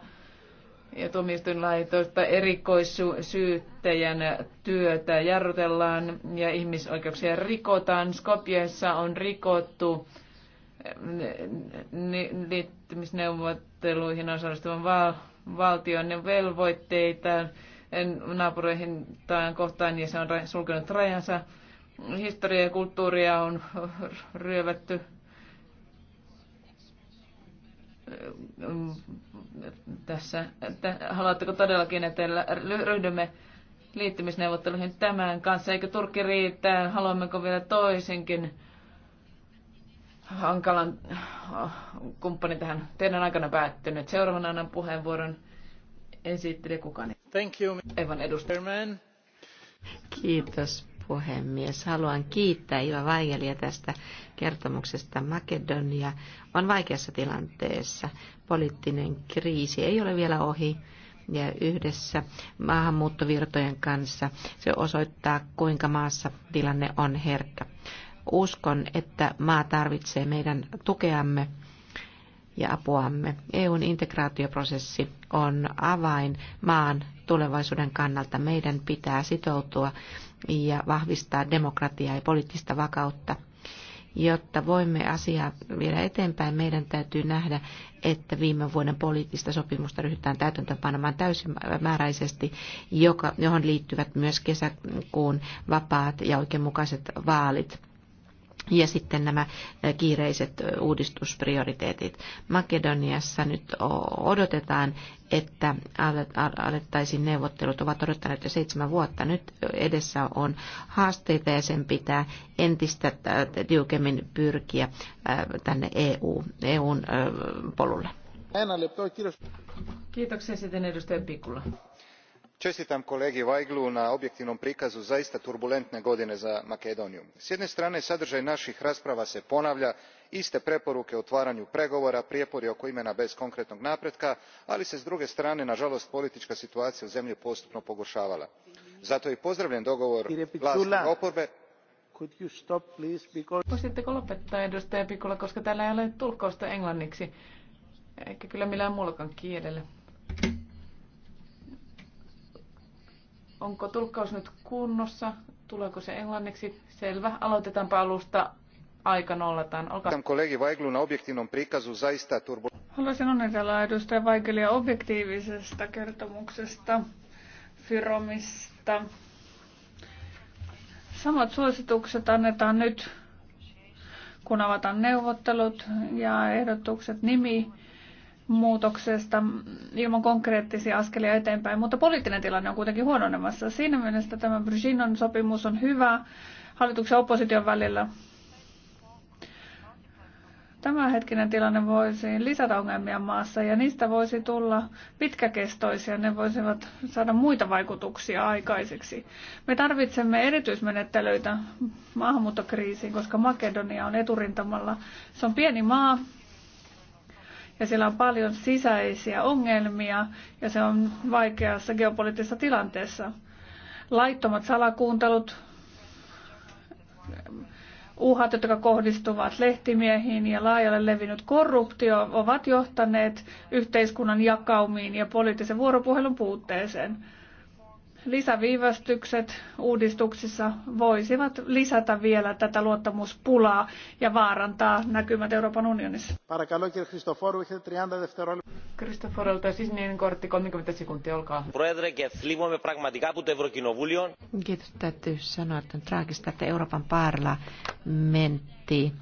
ja tuomioistuinlaitosta erikoissyyttäjän työtä jarrutellaan ja ihmisoikeuksia rikotaan. Skopjeessa on rikottu eh, liittymisneuvotteluihin osallistuvan val- valtion velvoitteita naapureihin kohtaan ja se on sulkenut rajansa. Historia ja kulttuuria on ryövätty eh, tässä, että haluatteko todellakin, että ryhdymme liittymisneuvotteluihin tämän kanssa, eikö Turkki riitä, haluammeko vielä toisenkin hankalan oh, kumppanin tähän teidän aikana päättynyt. Seuraavana annan puheenvuoron esittelijä kukaan. Thank you, Evan edustaja. Kiitos puhemies. Haluan kiittää Iva Vaigelia tästä kertomuksesta. Makedonia on vaikeassa tilanteessa. Poliittinen kriisi ei ole vielä ohi ja yhdessä maahanmuuttovirtojen kanssa se osoittaa, kuinka maassa tilanne on herkkä. Uskon, että maa tarvitsee meidän tukeamme ja apuamme. EUn integraatioprosessi on avain maan tulevaisuuden kannalta. Meidän pitää sitoutua ja vahvistaa demokratiaa ja poliittista vakautta. Jotta voimme asiaa viedä eteenpäin, meidän täytyy nähdä, että viime vuoden poliittista sopimusta ryhdytään täytäntöönpanemaan täysimääräisesti, joka, johon liittyvät myös kesäkuun vapaat ja oikeanmukaiset vaalit ja sitten nämä kiireiset uudistusprioriteetit. Makedoniassa nyt odotetaan, että alettaisiin neuvottelut. Ovat odottaneet jo seitsemän vuotta. Nyt edessä on haasteita ja sen pitää entistä tiukemmin pyrkiä tänne EU, EUn polulle. Kiitoksia sitten edustaja Pikula estitam kolegi vajglu na objektivnom prikazu zaista turbulentne godine za makedoniju. s jedne strane sadraj naih rasprava se ponavlja iste preporuke o otvaranju pregovora prijepori oko imena bez konkretnog napretka ali se s druge strane naalost politika situacija u zemlji postupno pogoravala. zato i pozdravljam dogovor vlasti i oporbe Onko tulkkaus nyt kunnossa? Tuleeko se englanniksi? Selvä. Aloitetaanpa alusta. Aika nollataan. Olkaa. kollegi Vaiglu na prikazu zaista turbo... Haluaisin onnitella edustaja Vaikelia objektiivisesta kertomuksesta firomista. Samat suositukset annetaan nyt, kun avataan neuvottelut ja ehdotukset nimi muutoksesta ilman konkreettisia askelia eteenpäin, mutta poliittinen tilanne on kuitenkin huononemassa. Siinä mielessä tämä Brzezinon sopimus on hyvä hallituksen ja opposition välillä. Tämänhetkinen tilanne voisi lisätä ongelmia maassa ja niistä voisi tulla pitkäkestoisia. Ne voisivat saada muita vaikutuksia aikaiseksi. Me tarvitsemme erityismenettelyitä maahanmuuttokriisiin, koska Makedonia on eturintamalla. Se on pieni maa, ja siellä on paljon sisäisiä ongelmia ja se on vaikeassa geopoliittisessa tilanteessa. Laittomat salakuuntelut, uhat, jotka kohdistuvat lehtimiehiin ja laajalle levinnyt korruptio ovat johtaneet yhteiskunnan jakaumiin ja poliittisen vuoropuhelun puutteeseen lisäviivästykset uudistuksissa voisivat lisätä vielä tätä luottamuspulaa ja vaarantaa näkymät Euroopan unionissa. Παρακαλώ κύριε Χριστοφόρου, έχετε 30 δευτερόλεπτα. Χριστοφόρου, sininen kortti 30 sekuntia, olkaa. Πρόεδρε, και θλίβομαι πραγματικά το Ευρωκοινοβούλιο... Kiitos, täytyy sanoa, että on traagista, että Euroopan parlamentti,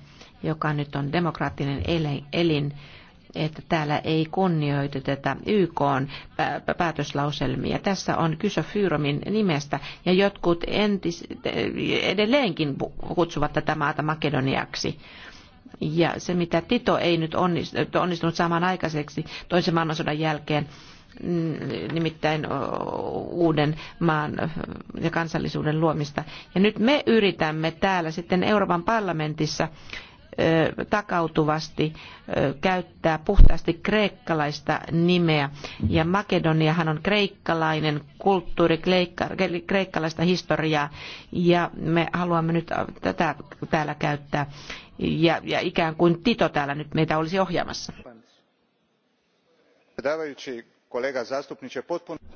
joka nyt on demokraattinen elin, että täällä ei kunnioiteta YK päätöslauselmia. Tässä on kyse fyromin nimestä ja jotkut entis, edelleenkin kutsuvat tätä maata Makedoniaksi. Ja se, mitä Tito ei nyt onnistunut saamaan aikaiseksi toisen maailmansodan jälkeen, mm, nimittäin uuden maan ja kansallisuuden luomista. Ja nyt me yritämme täällä sitten Euroopan parlamentissa takautuvasti käyttää puhtaasti kreikkalaista nimeä. Ja Makedoniahan on kreikkalainen kulttuuri, kreikkalaista historiaa ja me haluamme nyt tätä täällä käyttää ja, ja ikään kuin Tito täällä nyt meitä olisi ohjaamassa.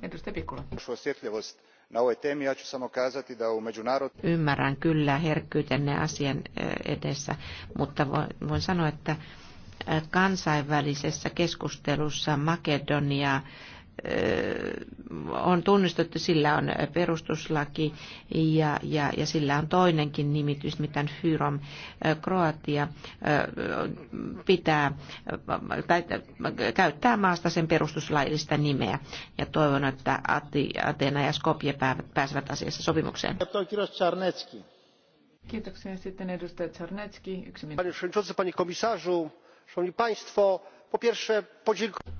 Edustaja Pikula na ovoj temi ja ću samo kazati da u Ymmärrän kyllä herkkyytenne asian edessä, mutta voin sanoa, että kansainvälisessä keskustelussa Makedonia on tunnistettu, sillä on perustuslaki ja, ja, ja sillä on toinenkin nimitys, mitä Fyrom Kroatia pitää, tai, käyttää maasta sen perustuslaillista nimeä. Ja toivon, että Atena ja Skopje pääsevät asiassa sopimukseen. Kiitoksia. Sitten edustaja Czarnecki. Yksi minuutti. Panie Panie Komisarzu, Szanowni Państwo, Po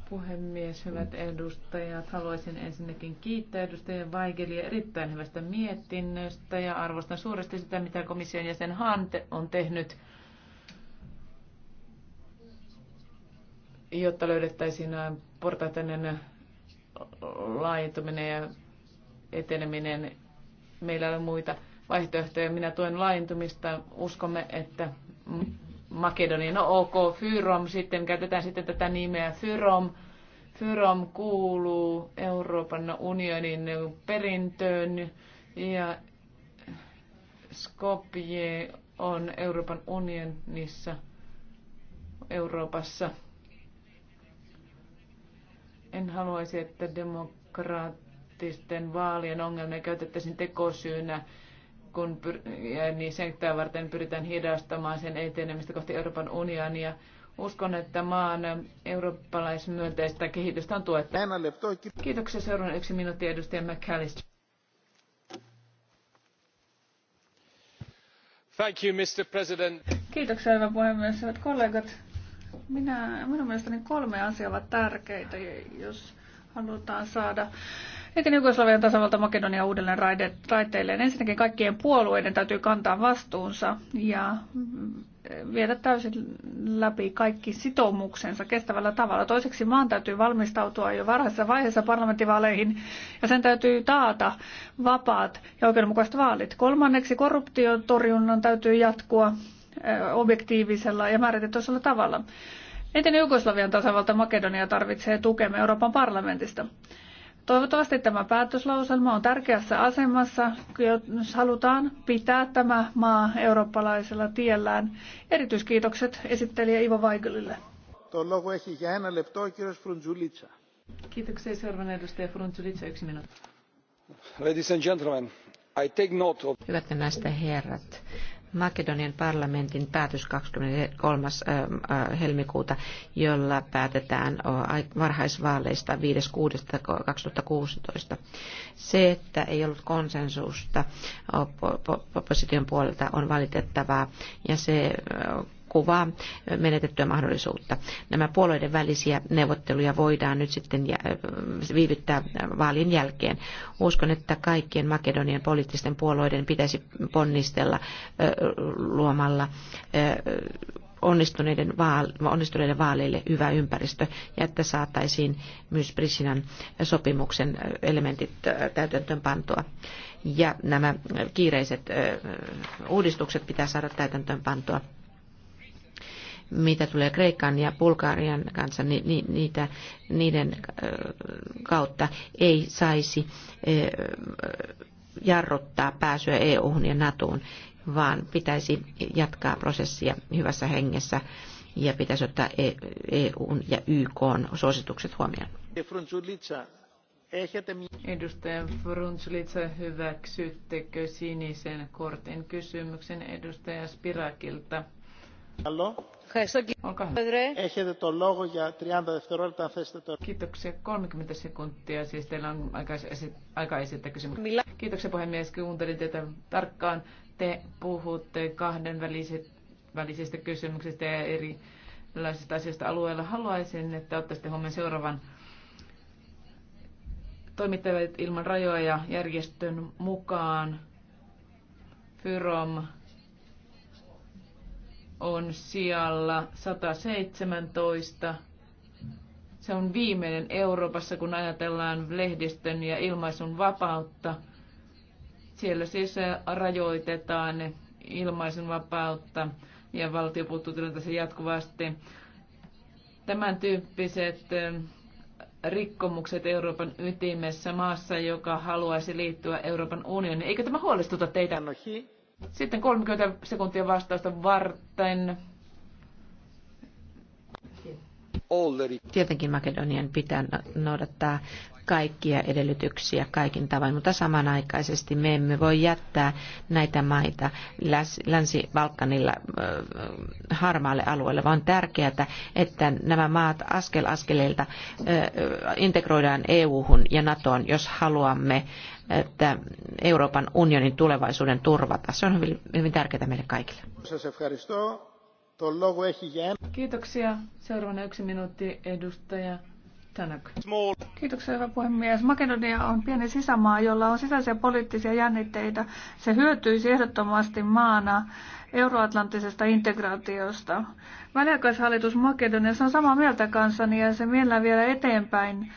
Puhemies, hyvät edustajat, haluaisin ensinnäkin kiittää edustaja Vaigelia erittäin hyvästä mietinnöstä ja arvostan suuresti sitä, mitä komission jäsen Hante on tehnyt, jotta löydettäisiin portaitainen laajentuminen ja eteneminen. Meillä on muita vaihtoehtoja. Minä tuen laajentumista. Uskomme, että Makedonia. No ok, Fyrom sitten, käytetään sitten tätä nimeä Fyrom. Fyrom kuuluu Euroopan unionin perintöön ja Skopje on Euroopan unionissa, Euroopassa. En haluaisi, että demokraattisten vaalien ongelmia käytettäisiin tekosyynä kun pyr- niin sen varten pyritään hidastamaan sen etenemistä kohti Euroopan unionia. Uskon, että maan eurooppalaismyönteistä kehitystä on tuettu. Kiitoksia. Seuraavan yksi minuutti edustaja McAllister. Thank you, Mr. President. Kiitoksia, hyvä puhemies. Hyvät kollegat, minä, minun mielestäni kolme asiaa ovat tärkeitä, jos halutaan saada eikä Jugoslavian tasavalta Makedonia uudelleen raiteilleen. Ensinnäkin kaikkien puolueiden täytyy kantaa vastuunsa ja mm, viedä täysin läpi kaikki sitoumuksensa kestävällä tavalla. Toiseksi maan täytyy valmistautua jo varhaisessa vaiheessa parlamenttivaaleihin ja sen täytyy taata vapaat ja oikeudenmukaiset vaalit. Kolmanneksi korruption torjunnan täytyy jatkua objektiivisella ja määritettyisellä tavalla. Etelä-Jugoslavian tasavalta Makedonia tarvitsee tukemme Euroopan parlamentista. Toivottavasti tämä päätöslauselma on tärkeässä asemassa, jos halutaan pitää tämä maa eurooppalaisella tiellään. Erityiskiitokset esittelijä Ivo Vaikelille. Kiitoksia seuraavan edustaja Frunzulitsa, yksi minuutti. Ladies and gentlemen, I take note of... Hyvät näistä herrat, Makedonian parlamentin päätös 23. helmikuuta, jolla päätetään varhaisvaaleista 5.6.2016. Se, että ei ollut konsensusta opposition puolelta, on valitettavaa ja se kuvaa menetettyä mahdollisuutta. Nämä puolueiden välisiä neuvotteluja voidaan nyt sitten viivyttää vaalin jälkeen. Uskon, että kaikkien Makedonian poliittisten puolueiden pitäisi ponnistella luomalla onnistuneiden, vaal- onnistuneiden vaaleille hyvä ympäristö ja että saataisiin myös Prisinan sopimuksen elementit täytäntöön pantua. Ja nämä kiireiset uudistukset pitää saada täytäntöön pantua mitä tulee Kreikan ja Bulgarian kanssa, niin niitä, niiden kautta ei saisi jarruttaa pääsyä EU-hun ja NATOon, vaan pitäisi jatkaa prosessia hyvässä hengessä ja pitäisi ottaa EUn e ja YKn suositukset huomioon. Edustaja Frunzulitsa, hyväksyttekö sinisen kortin kysymyksen edustaja Spirakilta? Hallo. Kiitoksia. 30 sekuntia. Siis teillä on aika esittää kysymys. Kiitoksia puhemies. Kuuntelin teitä tarkkaan. Te puhutte kahden välisistä kysymyksistä ja erilaisista asioista alueella. Haluaisin, että ottaisitte huomioon seuraavan toimittajat ilman rajoja järjestön mukaan. Fyrom on sijalla 117. Se on viimeinen Euroopassa, kun ajatellaan lehdistön ja ilmaisun vapautta. Siellä siis rajoitetaan ilmaisun vapautta ja valtio puuttuu tilanteeseen jatkuvasti. Tämän tyyppiset eh, rikkomukset Euroopan ytimessä maassa, joka haluaisi liittyä Euroopan unioniin. Eikö tämä huolestuta teitä? Sitten 30 sekuntia vastausta varten. Tietenkin Makedonian pitää no- noudattaa kaikkia edellytyksiä kaikin tavoin, mutta samanaikaisesti me emme voi jättää näitä maita Länsi-Balkanilla harmaalle alueelle, vaan on tärkeää, että nämä maat askel askeleelta integroidaan EU-hun ja NATOon, jos haluamme että Euroopan unionin tulevaisuuden turvata. Se on hyvin, hyvin tärkeää meille kaikille. Kiitoksia. Seuraavana yksi minuutti edustaja Tanak. Kiitoksia, hyvä puhemies. Makedonia on pieni sisämaa, jolla on sisäisiä poliittisia jännitteitä. Se hyötyisi ehdottomasti maana euroatlanttisesta integraatiosta. Väliaikaishallitus Makedoniassa on samaa mieltä kanssani ja se mielellään vielä eteenpäin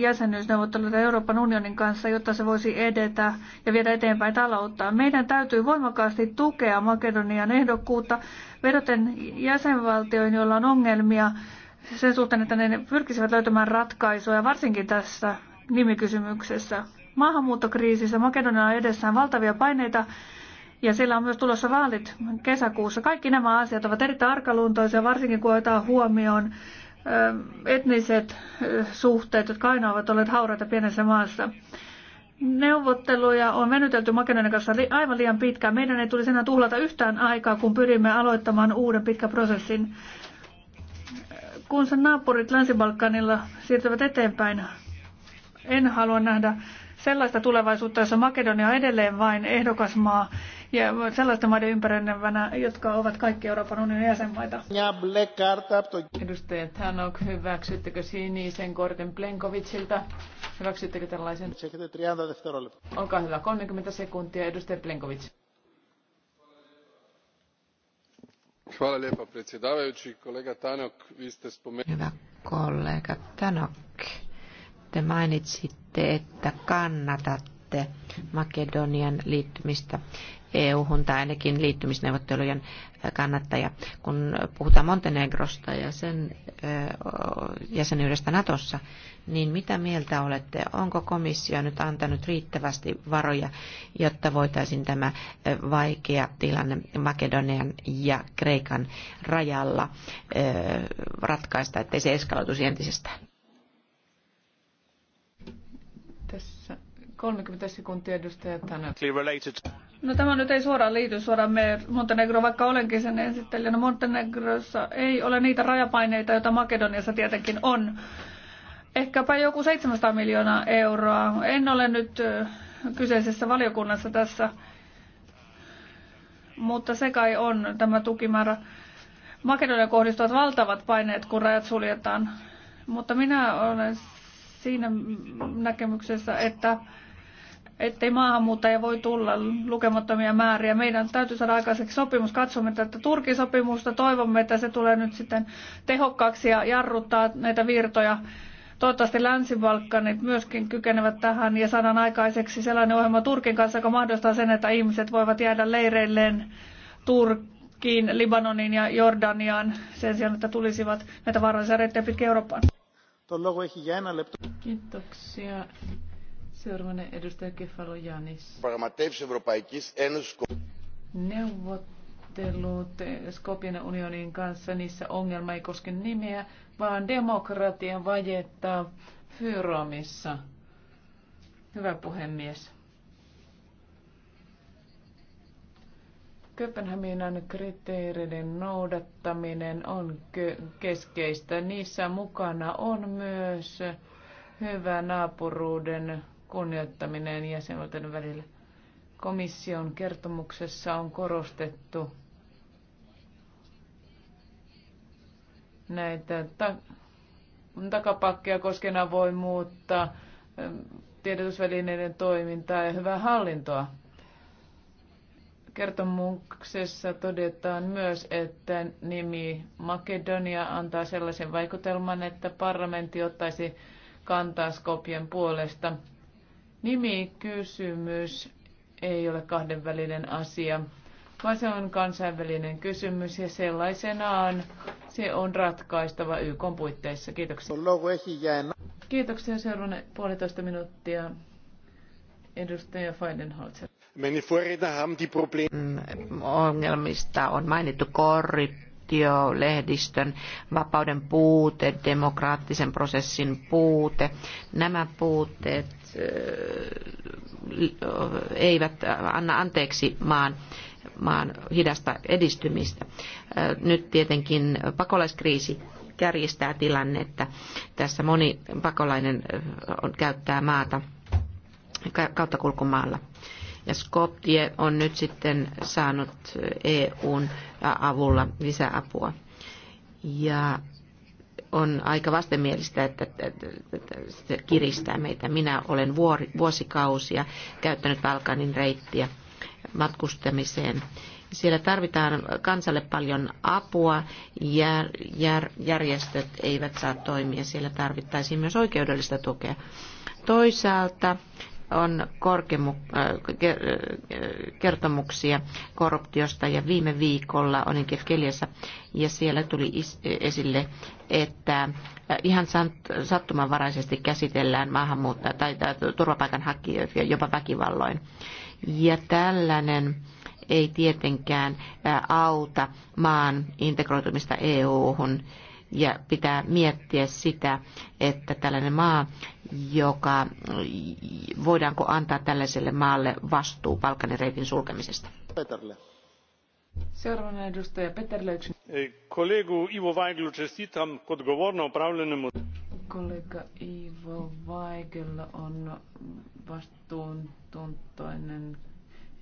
jäsenyysneuvotteluita Euroopan unionin kanssa, jotta se voisi edetä ja viedä eteenpäin talouttaan. Meidän täytyy voimakkaasti tukea Makedonian ehdokkuutta vedoten jäsenvaltioihin, joilla on ongelmia sen suhteen, että ne pyrkisivät löytämään ratkaisuja, varsinkin tässä nimikysymyksessä. Maahanmuuttokriisissä Makedonialla on edessään valtavia paineita ja sillä on myös tulossa vaalit kesäkuussa. Kaikki nämä asiat ovat erittäin arkaluontoisia, varsinkin kun otetaan huomioon etniset suhteet, jotka aina ovat olleet hauraita pienessä maassa. Neuvotteluja on venytelty Makedonian kanssa aivan liian pitkään. Meidän ei tulisi enää tuhlata yhtään aikaa, kun pyrimme aloittamaan uuden pitkän prosessin. Kun sen naapurit Länsi-Balkanilla siirtyvät eteenpäin, en halua nähdä sellaista tulevaisuutta, jossa Makedonia on edelleen vain ehdokasmaa ja sellaisten maiden ympäröivänä, jotka ovat kaikki Euroopan unionin jäsenmaita. Edustaja Tanok, hyväksyttekö sinisen kortin Plenkovicilta? Hyväksyttekö tällaisen? Olkaa hyvä, 30 sekuntia. Edustaja Plenkovic. Hyvä kollega Tanok, te mainitsitte, että kannatatte Makedonian liittymistä EU-hun tai ainakin liittymisneuvottelujen äh, kannattaja. Kun puhutaan Montenegrosta ja sen äh, jäsenyydestä Natossa, niin mitä mieltä olette? Onko komissio nyt antanut riittävästi varoja, jotta voitaisiin tämä äh, vaikea tilanne Makedonian ja Kreikan rajalla ratkaista, ettei se eskaloituisi entisestään? Tässä 30 sekuntia edustaja tänään. No tämä nyt ei suoraan liity suoraan me Montenegro, vaikka olenkin sen esittelijänä. Montenegrossa ei ole niitä rajapaineita, joita Makedoniassa tietenkin on. Ehkäpä joku 700 miljoonaa euroa. En ole nyt kyseisessä valiokunnassa tässä, mutta se kai on tämä tukimäärä. Makedonia kohdistuvat valtavat paineet, kun rajat suljetaan. Mutta minä olen siinä näkemyksessä, että ettei maahanmuuttaja voi tulla lukemattomia määriä. Meidän täytyy saada aikaiseksi sopimus. Katsomme tätä Turkin sopimusta. Toivomme, että se tulee nyt sitten tehokkaaksi ja jarruttaa näitä virtoja. Toivottavasti länsi myöskin kykenevät tähän ja saadaan aikaiseksi sellainen ohjelma Turkin kanssa, joka mahdollistaa sen, että ihmiset voivat jäädä leireilleen Turkkiin, Libanonin ja Jordaniaan sen sijaan, että tulisivat näitä vaarallisia reittejä pitkin Eurooppaan. Kiitoksia. Seuraavana edustaja Kefalo Janis. Neuvottelut Skopien unionin kanssa, niissä ongelma ei koske nimeä, vaan demokratian vajetta Fyromissa. Hyvä puhemies. Kööpenhaminan kriteereiden noudattaminen on keskeistä. Niissä mukana on myös hyvä naapuruuden kunnioittaminen jäsenvaltioiden välillä. Komission kertomuksessa on korostettu näitä ta- takapakkeja koskien avoimuutta, tiedotusvälineiden toimintaa ja hyvää hallintoa. Kertomuksessa todetaan myös, että nimi Makedonia antaa sellaisen vaikutelman, että parlamentti ottaisi kantaa Skopien puolesta. Nimikysymys ei ole kahdenvälinen asia, vaan se on kansainvälinen kysymys ja sellaisenaan se on ratkaistava YK puitteissa. Kiitoksia. Kiitoksia. Seuraavana puolitoista minuuttia edustaja Feidenholzer. Mm, ongelmista on mainittu korruptio, lehdistön vapauden puute, demokraattisen prosessin puute. Nämä puutteet eh, eivät anna anteeksi maan maan hidasta edistymistä. Eh, nyt tietenkin pakolaiskriisi kärjistää tilannetta. Tässä moni pakolainen eh, käyttää maata kauttakulkumaalla. Ja Skopje on nyt sitten saanut EUn avulla lisäapua. Ja on aika vastenmielistä, että se kiristää meitä. Minä olen vuosikausia käyttänyt Balkanin reittiä matkustamiseen. Siellä tarvitaan kansalle paljon apua, jär, jär, järjestöt eivät saa toimia, siellä tarvittaisiin myös oikeudellista tukea. Toisaalta on äh, kertomuksia korruptiosta ja viime viikolla olin Kevkeliassa ja siellä tuli esille, että äh, ihan sattumanvaraisesti käsitellään maahanmuuttajia tai turvapaikanhakijoita jopa väkivalloin. Ja tällainen ei tietenkään äh, auta maan integroitumista EU-hun ja pitää miettiä sitä, että tällainen maa, joka voidaanko antaa tällaiselle maalle vastuu reitin sulkemisesta. Peterle. Seuraavana edustaja Peterle yksi. Kollegu Ivo Weiglu čestitam odgovorno upravljenemu. Kollega Ivo Weigel on vastuuntuntoinen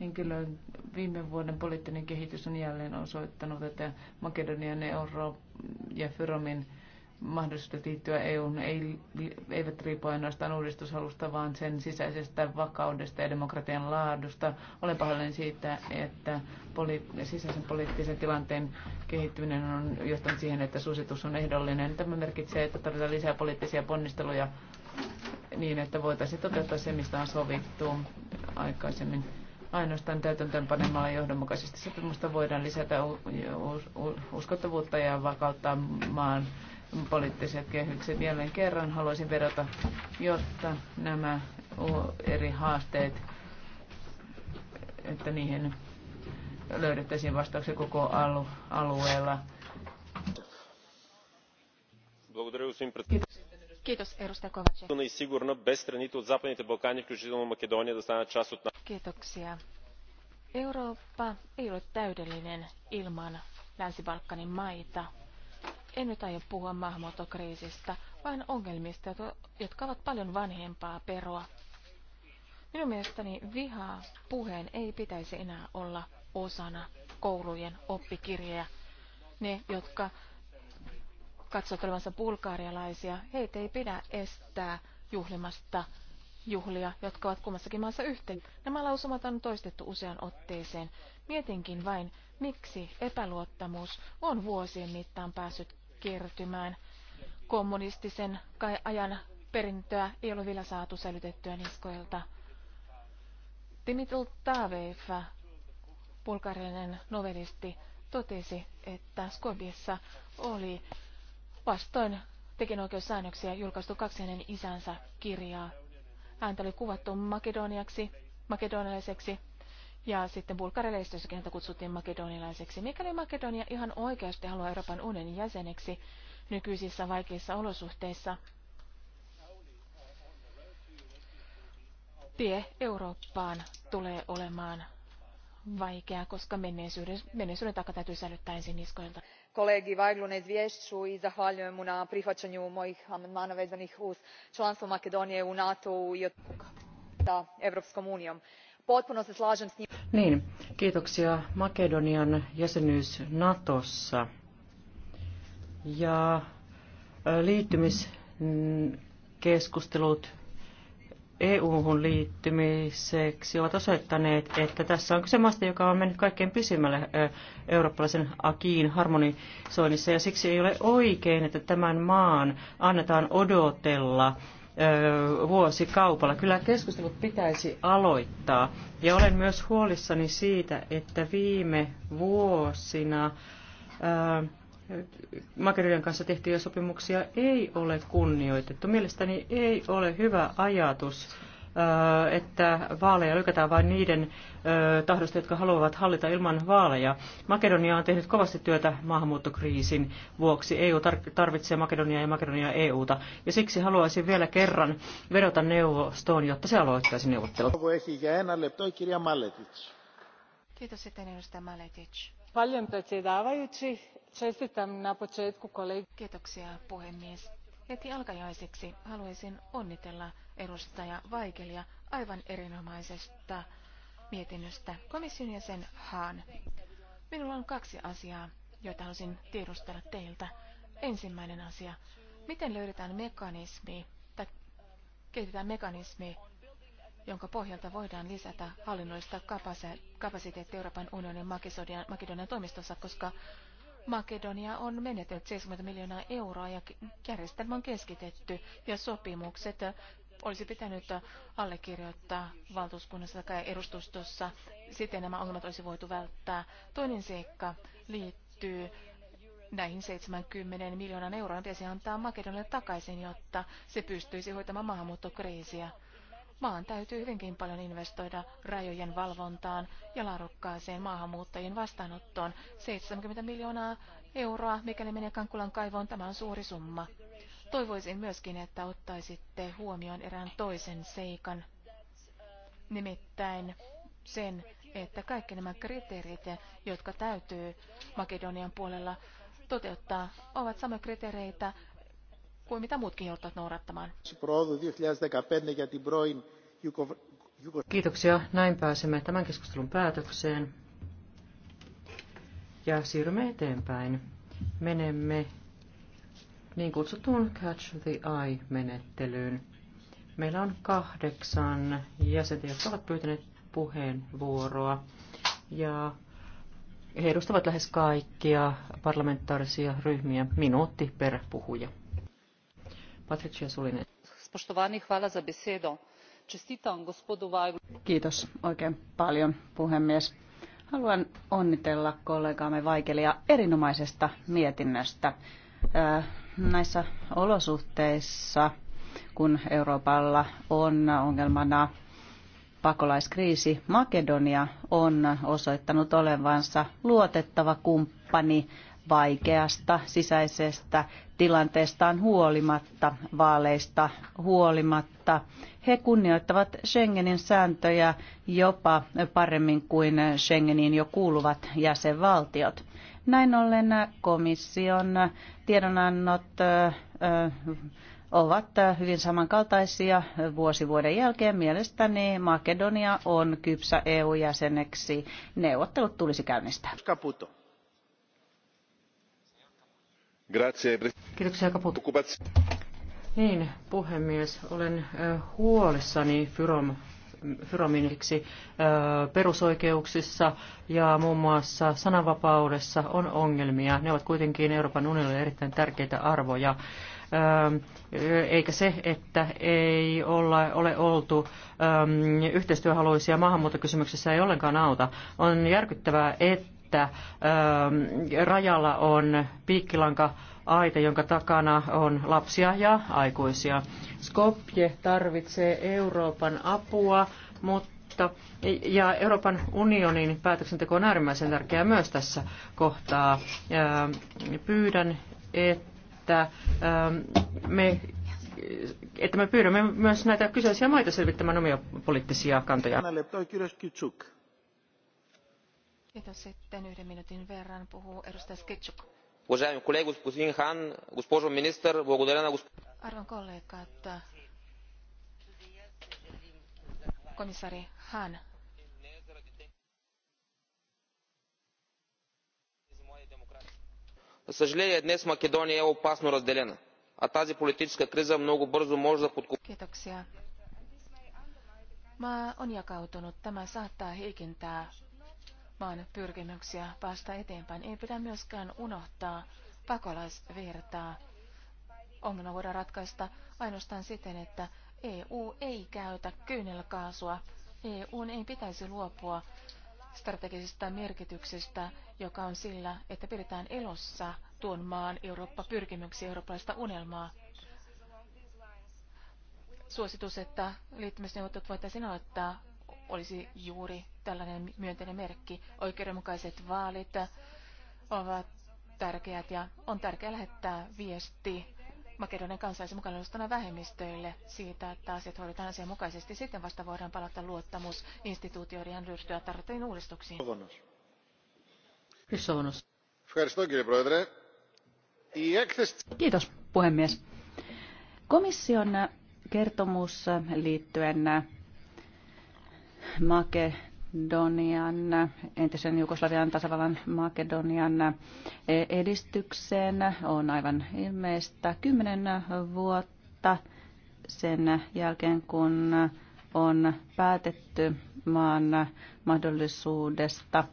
henkilön viime vuoden poliittinen kehitys on jälleen osoittanut, että Makedonian, Euro ja Fyromin mahdollisuudet liittyä EUn ei, eivät riipu ainoastaan uudistushalusta, vaan sen sisäisestä vakaudesta ja demokratian laadusta. Olen pahoillani siitä, että poli- sisäisen poliittisen tilanteen kehittyminen on johtanut siihen, että suositus on ehdollinen. Tämä merkitsee, että tarvitaan lisää poliittisia ponnisteluja niin, että voitaisiin toteuttaa se, mistä on sovittu aikaisemmin. Ainoastaan täytäntöönpanemalla johdonmukaisesti sopimusta voidaan lisätä uskottavuutta ja vakauttaa maan poliittiset kehykset. Jälleen kerran haluaisin vedota, jotta nämä eri haasteet, että niihin löydettäisiin vastauksia koko alueella. Kiitos. Kiitos, edustaja Kovacek. Не сигурна без страните от Западните Балкани, включително Македония, Kiitoksia. Eurooppa ei ole täydellinen ilman Länsi-Balkanin maita. En nyt aio puhua maahanmuuttokriisistä, vaan ongelmista, jotka ovat paljon vanhempaa peroa. Minun mielestäni vihaa puheen ei pitäisi enää olla osana koulujen oppikirjoja. Ne, jotka katsovat olevansa bulgaarialaisia, heitä ei pidä estää juhlimasta juhlia, jotka ovat kummassakin maassa yhteen. Nämä lausumat on toistettu usean otteeseen. Mietinkin vain, miksi epäluottamus on vuosien mittaan päässyt kertymään. Kommunistisen ajan perintöä ei ole vielä saatu sälytettyä niskoilta. Dimitri Tavev, bulgarilainen novelisti, totesi, että Skobiessa oli vastoin tekinoikeussäännöksiä julkaistu kaksi hänen isänsä kirjaa. Häntä oli kuvattu makedoniaksi, makedonialaiseksi ja sitten bulgarialaisessakin häntä kutsuttiin makedonialaiseksi. Mikäli Makedonia ihan oikeasti haluaa Euroopan unionin jäseneksi nykyisissä vaikeissa olosuhteissa, tie Eurooppaan tulee olemaan vaikea, koska menneisyyden, menneisyyden takaa täytyy säilyttää ensin niskoilta kolegi vajglu na izvjeu i zahvaljujem mu na prihvaanju mojih amandmana vezanih uz lanstvo makedonije u nato u i sa europskom unijom. potpuno se slaem s njim. Niin, kiitoksia Makedonian jäsenyys Natossa ja liittymiskeskustelut EU-hun liittymiseksi ovat osoittaneet, että tässä on kyse maasta, joka on mennyt kaikkein pisimmälle eurooppalaisen akiin harmonisoinnissa, ja siksi ei ole oikein, että tämän maan annetaan odotella vuosikaupalla. Kyllä keskustelut pitäisi aloittaa, ja olen myös huolissani siitä, että viime vuosina Makerien kanssa tehtyjä sopimuksia ei ole kunnioitettu. Mielestäni ei ole hyvä ajatus, äh, että vaaleja lykätään vain niiden äh, tahdosta, jotka haluavat hallita ilman vaaleja. Makedonia on tehnyt kovasti työtä maahanmuuttokriisin vuoksi. EU tarvitsee Makedonia ja Makedonia EUta. Ja siksi haluaisin vielä kerran vedota neuvostoon, jotta se aloittaisi neuvottelut. Kiitos sitten edustaja Maletic gospodine predsjedavajući. Čestitam na početku kolegi. Kiitoksia puhemies. Heti alkajaiseksi haluaisin onnitella edustaja vaigelia aivan erinomaisesta mietinnöstä komission jäsen Haan. Minulla on kaksi asiaa, joita haluaisin tiedustella teiltä. Ensimmäinen asia. Miten löydetään mekanismi, tai kehitetään mekanismi, jonka pohjalta voidaan lisätä hallinnollista kapasiteettia Euroopan unionin Makedonian, Makedonian toimistossa, koska Makedonia on menettänyt 70 miljoonaa euroa ja järjestelmä on keskitetty ja sopimukset olisi pitänyt allekirjoittaa valtuuskunnassa tai edustustossa. Siten nämä ongelmat olisi voitu välttää. Toinen seikka liittyy näihin 70 miljoonan euroon pitäisi antaa Makedonille takaisin, jotta se pystyisi hoitamaan maahanmuuttokriisiä. Maan täytyy hyvinkin paljon investoida rajojen valvontaan ja laadukkaaseen maahanmuuttajien vastaanottoon. 70 miljoonaa euroa, mikäli menee Kankkulan kaivoon, tämä on suuri summa. Toivoisin myöskin, että ottaisitte huomioon erään toisen seikan, nimittäin sen, että kaikki nämä kriteerit, jotka täytyy Makedonian puolella toteuttaa, ovat samoja kriteereitä, kuin mitä muutkin joutuvat noudattamaan. Kiitoksia. Näin pääsemme tämän keskustelun päätökseen. Ja siirrymme eteenpäin. Menemme niin kutsuttuun Catch the Eye-menettelyyn. Meillä on kahdeksan jäsentä, jotka ovat pyytäneet puheenvuoroa. Ja he edustavat lähes kaikkia parlamentaarisia ryhmiä minuutti per puhuja. Kiitos oikein paljon puhemies. Haluan onnitella kollegaamme Vaikelia erinomaisesta mietinnöstä. Näissä olosuhteissa, kun Euroopalla on ongelmana pakolaiskriisi, Makedonia on osoittanut olevansa luotettava kumppani vaikeasta sisäisestä tilanteestaan huolimatta, vaaleista huolimatta. He kunnioittavat Schengenin sääntöjä jopa paremmin kuin Schengeniin jo kuuluvat jäsenvaltiot. Näin ollen komission tiedonannot ovat hyvin samankaltaisia vuosi vuoden jälkeen. Mielestäni Makedonia on kypsä EU-jäseneksi. Neuvottelut tulisi käynnistää. Kiitoksia, Niin, puhemies, olen huolissani Fyrom Fyrominiksi perusoikeuksissa ja muun muassa sananvapaudessa on ongelmia. Ne ovat kuitenkin Euroopan unionille erittäin tärkeitä arvoja. Eikä se, että ei olla, ole oltu yhteistyöhaluisia maahanmuuttokysymyksissä ei ollenkaan auta. On järkyttävää, että että ähm, rajalla on piikkilanka aita, jonka takana on lapsia ja aikuisia. Skopje tarvitsee Euroopan apua, mutta ja Euroopan unionin päätöksenteko on äärimmäisen tärkeää myös tässä kohtaa. Ähm, pyydän, että ähm, me että me pyydämme myös näitä kyseisiä maita selvittämään omia poliittisia kantoja. Kiitos sitten yhden minuutin verran puhuu edustaja Skitsuk. Уважаеми колеги, господин Хан, госпожо министър, благодаря на госп... Arvon kollegat, komissaari Haan. За съжаление, днес Македония е опасно разделена, а тази политическа криза много бързо може да подкопи. Maa on jakautunut. Tämä saattaa heikentää maan pyrkimyksiä päästä eteenpäin. Ei pidä myöskään unohtaa pakolaisvirtaa. Ongelma voidaan ratkaista ainoastaan siten, että EU ei käytä kyynelkaasua. EU ei pitäisi luopua strategisesta merkityksestä, joka on sillä, että pidetään elossa tuon maan Eurooppa-pyrkimyksiä, eurooppalaista unelmaa. Suositus, että liittymisneuvottelut voitaisiin aloittaa olisi juuri tällainen myönteinen merkki. Oikeudenmukaiset vaalit ovat tärkeät ja on tärkeää lähettää viesti Makedonian kansalaisen mukaan edustana vähemmistöille siitä, että asiat hoidetaan asianmukaisesti. Sitten vasta voidaan palata luottamus instituutioiden ja ryhtyä tarvittaviin uudistuksiin. Kiitos puhemies. Komission kertomus liittyen Makedonian, entisen Jugoslavian tasavallan Makedonian edistykseen on aivan ilmeistä. Kymmenen vuotta sen jälkeen, kun on päätetty maan mahdollisuudesta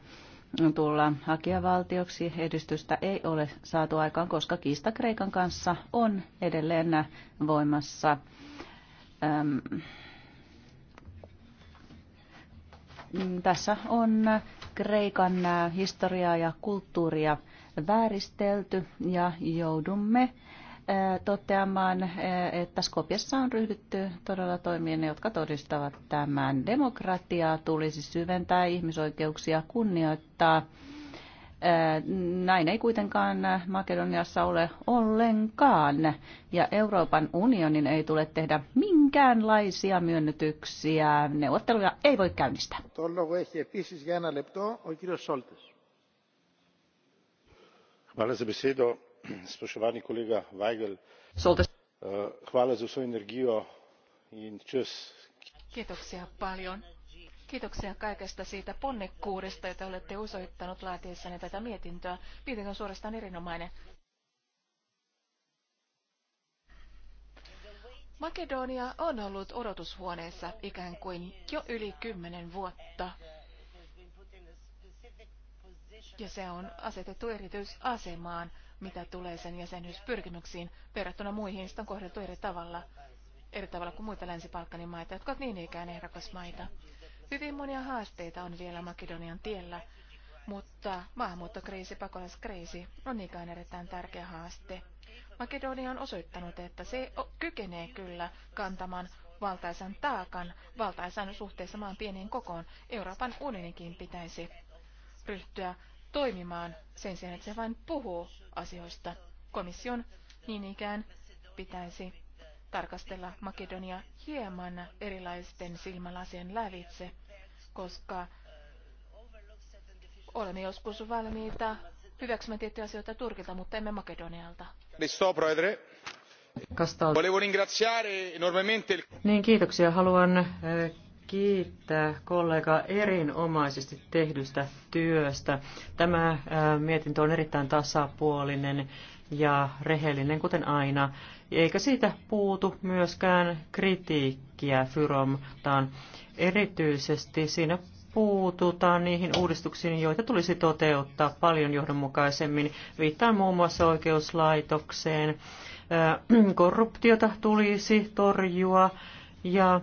tulla hakijavaltioksi. Edistystä ei ole saatu aikaan, koska kiista Kreikan kanssa on edelleen voimassa. Ähm, Mm, tässä on Kreikan historiaa ja kulttuuria vääristelty ja joudumme eh, toteamaan, eh, että Skopjassa on ryhdytty todella toimien, jotka todistavat tämän. Demokratiaa tulisi syventää, ihmisoikeuksia kunnioittaa näin ei kuitenkaan Makedoniassa ole ollenkaan. Ja Euroopan unionin ei tule tehdä minkäänlaisia myönnytyksiä. Neuvotteluja ei voi käynnistää. Kiitoksia paljon Kiitoksia kaikesta siitä ponnekkuudesta, jota olette osoittanut laatiessanne tätä mietintöä. Mietintö on suorastaan erinomainen. Makedonia on ollut odotushuoneessa ikään kuin jo yli kymmenen vuotta. Ja se on asetettu erityisasemaan, mitä tulee sen jäsenyyspyrkimyksiin verrattuna muihin. Sitä on kohdeltu eri tavalla, eri tavalla kuin muita länsi maita, jotka ovat niin ikään ehdokasmaita. Hyvin monia haasteita on vielä Makedonian tiellä, mutta maahanmuuttokriisi, pakolaiskriisi on ikään erittäin tärkeä haaste. Makedonia on osoittanut, että se kykenee kyllä kantamaan valtaisan taakan, valtaisan suhteessa maan pieniin kokoon. Euroopan unioninkin pitäisi ryhtyä toimimaan sen sijaan, että se vain puhuu asioista. Komission niin ikään pitäisi tarkastella Makedonia hieman erilaisten silmälasien lävitse koska olemme joskus valmiita hyväksymään tiettyjä asioita Turkilta, mutta emme Makedonialta. Niin, kiitoksia. Haluan eh, kiittää kollegaa erinomaisesti tehdystä työstä. Tämä eh, mietintö on erittäin tasapuolinen ja rehellinen, kuten aina, eikä siitä puutu myöskään kritiikkiä Fyromtaan. Erityisesti siinä puututaan niihin uudistuksiin, joita tulisi toteuttaa paljon johdonmukaisemmin. Viittaan muun muassa oikeuslaitokseen. Korruptiota tulisi torjua ja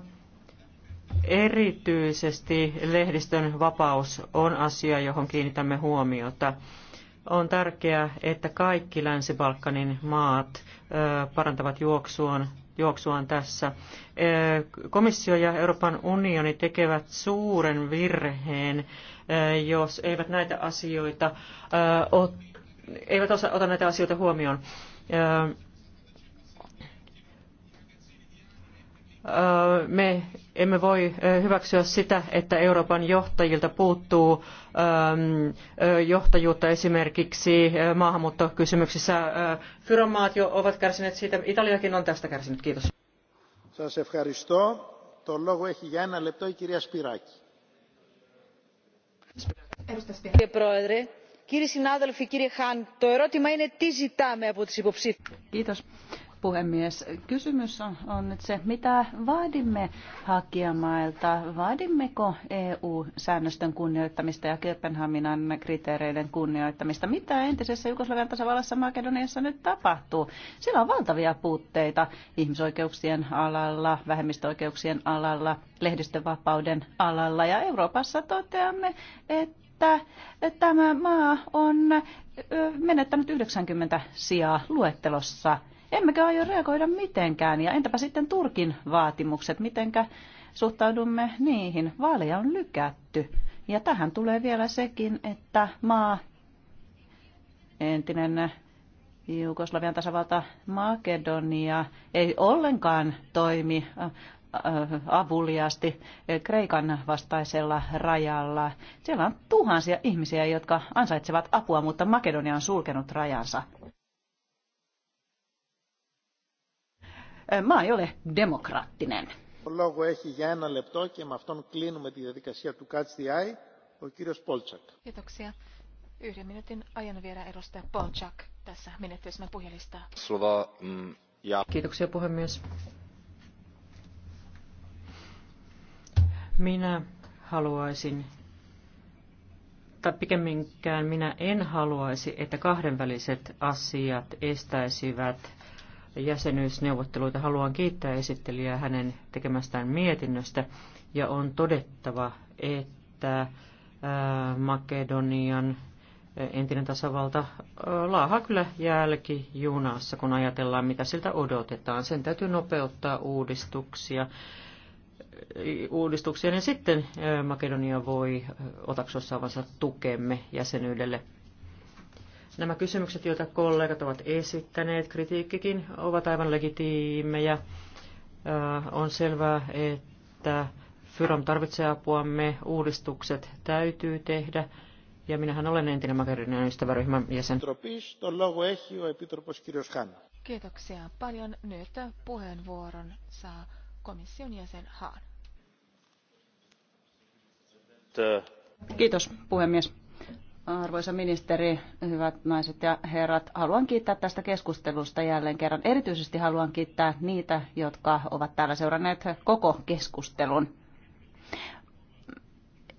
erityisesti lehdistön vapaus on asia, johon kiinnitämme huomiota. On tärkeää, että kaikki Länsi-Balkanin maat parantavat juoksuaan juoksuaan tässä. Komissio ja Euroopan unioni tekevät suuren virheen, jos eivät näitä asioita eivät osa, ota näitä asioita huomioon. me emme voi hyväksyä sitä, että Euroopan johtajilta puuttuu johtajuutta esimerkiksi maahanmuuttokysymyksissä. Fyron maat jo ovat kärsineet siitä, Italiakin on tästä kärsinyt. Kiitos. Σας ευχαριστώ. Το λόγο έχει για ένα λεπτό η κυρία Σπυράκη. Κύριε Πρόεδρε, κύριοι συνάδελφοι, κύριε Χάν, το ερώτημα είναι τι ζητάμε από τις υποψήφιες. Kiitos puhemies. Kysymys on, on nyt se, mitä vaadimme hakijamailta? Vaadimmeko EU-säännösten kunnioittamista ja Kööpenhaminan kriteereiden kunnioittamista? Mitä entisessä Jugoslavian tasavallassa Makedoniassa nyt tapahtuu? Siellä on valtavia puutteita ihmisoikeuksien alalla, vähemmistöoikeuksien alalla, vapauden alalla ja Euroopassa toteamme, että että tämä maa on menettänyt 90 sijaa luettelossa. Emmekä aio reagoida mitenkään. Ja entäpä sitten Turkin vaatimukset, mitenkä suhtaudumme niihin? Vaaleja on lykätty. Ja tähän tulee vielä sekin, että maa, entinen Jugoslavian tasavalta Makedonia, ei ollenkaan toimi avuliasti Kreikan vastaisella rajalla. Siellä on tuhansia ihmisiä, jotka ansaitsevat apua, mutta Makedonia on sulkenut rajansa. maa ei ole demokraattinen. Λόγο έχει για ένα λεπτό και με αυτόν κλείνουμε τη διαδικασία του Catch the Eye, ο κύριος Πολτσακ. Kiitoksia. Yhden minuutin ajan vielä edustaja Polchak tässä menettelysmän puhujalistaa. Mm, Kiitoksia puhemies. Minä haluaisin, tai pikemminkään minä en haluaisi, että kahdenväliset asiat estäisivät jäsenyysneuvotteluita. Haluan kiittää esittelijää hänen tekemästään mietinnöstä ja on todettava, että Makedonian entinen tasavalta laaha kyllä junassa kun ajatellaan, mitä siltä odotetaan. Sen täytyy nopeuttaa uudistuksia. Uudistuksia, niin sitten Makedonia voi otaksossa avansa tukemme jäsenyydelle Nämä kysymykset, joita kollegat ovat esittäneet, kritiikkikin, ovat aivan legitiimejä. Äh, on selvää, että Fyrom tarvitsee apuamme, uudistukset täytyy tehdä, ja minähän olen entinen Makedonian ystäväryhmän jäsen. Kiitoksia paljon. Nyt puheenvuoron saa komission jäsen Haan. Kiitos puhemies. Arvoisa ministeri, hyvät naiset ja herrat, haluan kiittää tästä keskustelusta jälleen kerran. Erityisesti haluan kiittää niitä, jotka ovat täällä seuranneet koko keskustelun.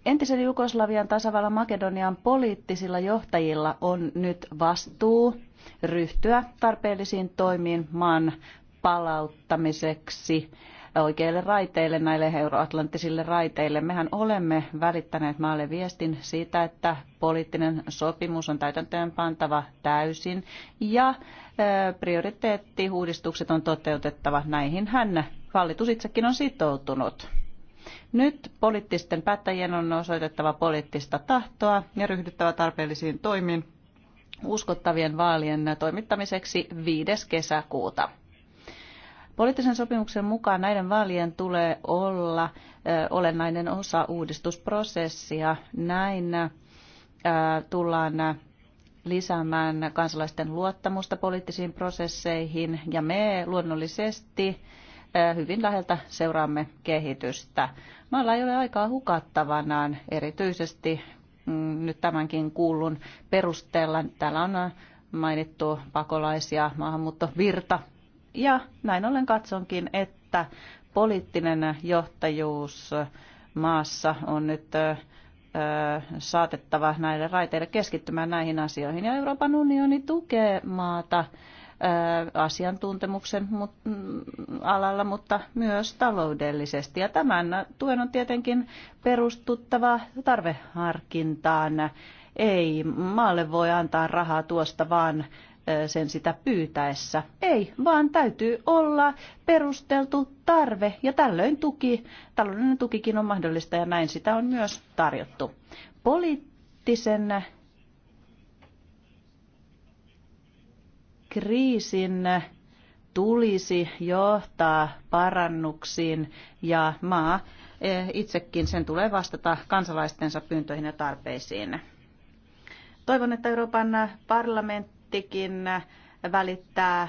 Entisen Jugoslavian tasavallan Makedonian poliittisilla johtajilla on nyt vastuu ryhtyä tarpeellisiin toimiin maan palauttamiseksi oikeille raiteille, näille euroatlanttisille raiteille. Mehän olemme välittäneet maalle viestin siitä, että poliittinen sopimus on täytäntöön pantava täysin ja prioriteettihuudistukset on toteutettava. Näihin hän hallitus itsekin on sitoutunut. Nyt poliittisten päättäjien on osoitettava poliittista tahtoa ja ryhdyttävä tarpeellisiin toimiin uskottavien vaalien toimittamiseksi 5. kesäkuuta. Poliittisen sopimuksen mukaan näiden vaalien tulee olla olennainen osa uudistusprosessia. Näin tullaan lisäämään kansalaisten luottamusta poliittisiin prosesseihin ja me luonnollisesti hyvin läheltä seuraamme kehitystä. Maalla ei ole aikaa hukattavanaan, erityisesti mm, nyt tämänkin kuulun perusteella. Täällä on mainittu pakolaisia, maahanmuuttovirta ja näin ollen katsonkin, että poliittinen johtajuus maassa on nyt saatettava näille raiteille keskittymään näihin asioihin. Ja Euroopan unioni tukee maata asiantuntemuksen alalla, mutta myös taloudellisesti. Ja tämän tuen on tietenkin perustuttava tarveharkintaan. Ei maalle voi antaa rahaa tuosta vaan sen sitä pyytäessä. Ei, vaan täytyy olla perusteltu tarve ja tällöin tuki, taloudellinen tukikin on mahdollista ja näin sitä on myös tarjottu. Poliittisen kriisin tulisi johtaa parannuksiin ja maa itsekin sen tulee vastata kansalaistensa pyyntöihin ja tarpeisiin. Toivon, että Euroopan parlamentti parlamenttikin välittää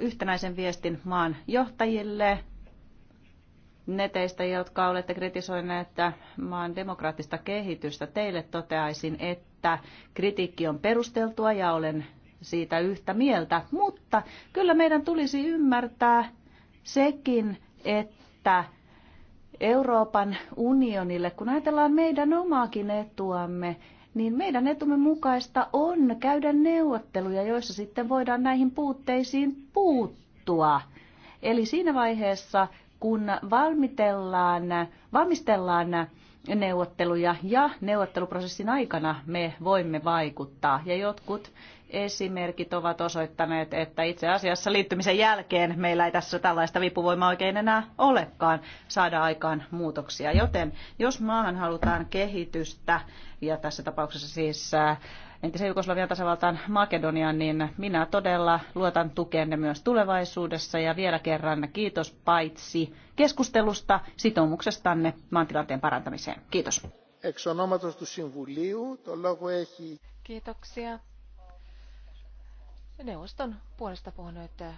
yhtenäisen viestin maan johtajille, ne teistä, jotka olette kritisoineet maan demokraattista kehitystä, teille toteaisin, että kritiikki on perusteltua ja olen siitä yhtä mieltä, mutta kyllä meidän tulisi ymmärtää sekin, että Euroopan unionille, kun ajatellaan meidän omaakin etuamme, niin meidän etumme mukaista on käydä neuvotteluja, joissa sitten voidaan näihin puutteisiin puuttua. Eli siinä vaiheessa, kun valmitellaan, valmistellaan neuvotteluja ja neuvotteluprosessin aikana me voimme vaikuttaa. Ja jotkut esimerkit ovat osoittaneet, että itse asiassa liittymisen jälkeen meillä ei tässä tällaista vipuvoimaa oikein enää olekaan saada aikaan muutoksia. Joten jos maahan halutaan kehitystä ja tässä tapauksessa siis äh, entisen Jugoslavian tasavaltaan Makedonian, niin minä todella luotan tukenne myös tulevaisuudessa. Ja vielä kerran kiitos paitsi keskustelusta, sitoumuksestanne maantilanteen parantamiseen. Kiitos. Kiitoksia. Neuvoston puolesta puhunut eh,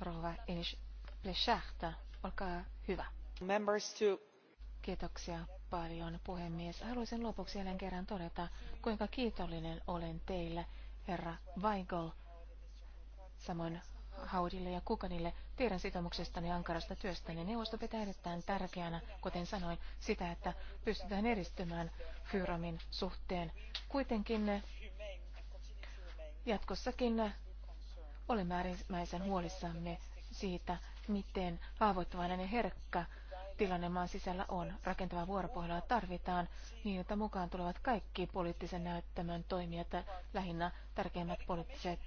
rouva Enish Pleshahta. Olkaa hyvä. Kiitoksia paljon, puhemies. Haluaisin lopuksi jälleen kerran todeta, kuinka kiitollinen olen teille, herra Weigel, samoin Haudille ja Kukanille teidän sitomuksestani ja ankarasta työstäni. Neuvosto pitää erittäin tärkeänä, kuten sanoin, sitä, että pystytään edistymään Fyramin suhteen. Kuitenkin jatkossakin olemme äärimmäisen huolissamme siitä, miten haavoittuvainen ja herkkä tilanne maan sisällä on. rakentava vuoropuhelua tarvitaan niin, että mukaan tulevat kaikki poliittisen näyttämön toimijat, lähinnä tärkeimmät poliittiset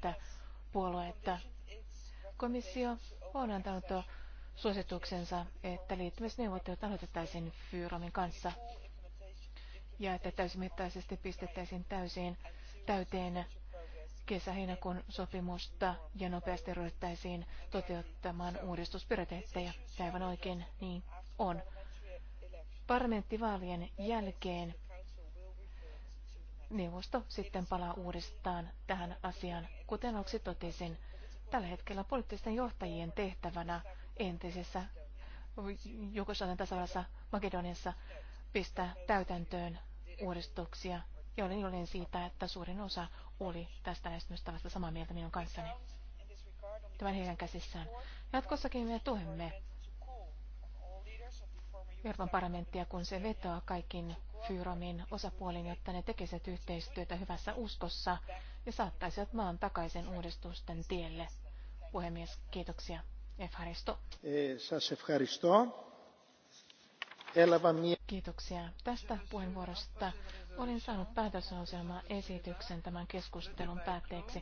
puolueet. Komissio on antanut suosituksensa, että liittymisneuvottelut aloitettaisiin Fyromin kanssa ja että täysimittaisesti pistettäisiin täysin täyteen kesä-heinäkuun sopimusta ja nopeasti ryhdyttäisiin toteuttamaan uudistuspyriteettejä. Aivan oikein niin on. Parlamenttivaalien jälkeen neuvosto sitten palaa uudestaan tähän asiaan. Kuten aluksi totesin, tällä hetkellä poliittisten johtajien tehtävänä entisessä Jugoslavian tasavallassa Makedoniassa pistää täytäntöön uudistuksia, Ja olen siitä, että suurin osa oli tästä lähestymistavasta samaa mieltä minun kanssani. Tämän heidän käsissään. Jatkossakin me tuemme Euroopan parlamenttia, kun se vetoaa kaikin Fyromin osapuolin, jotta ne tekisivät yhteistyötä hyvässä uskossa ja saattaisivat maan takaisin uudistusten tielle. Puhemies, kiitoksia. Efharisto. Kiitoksia tästä puheenvuorosta. Olin saanut päätöslauselmaa esityksen tämän keskustelun päätteeksi.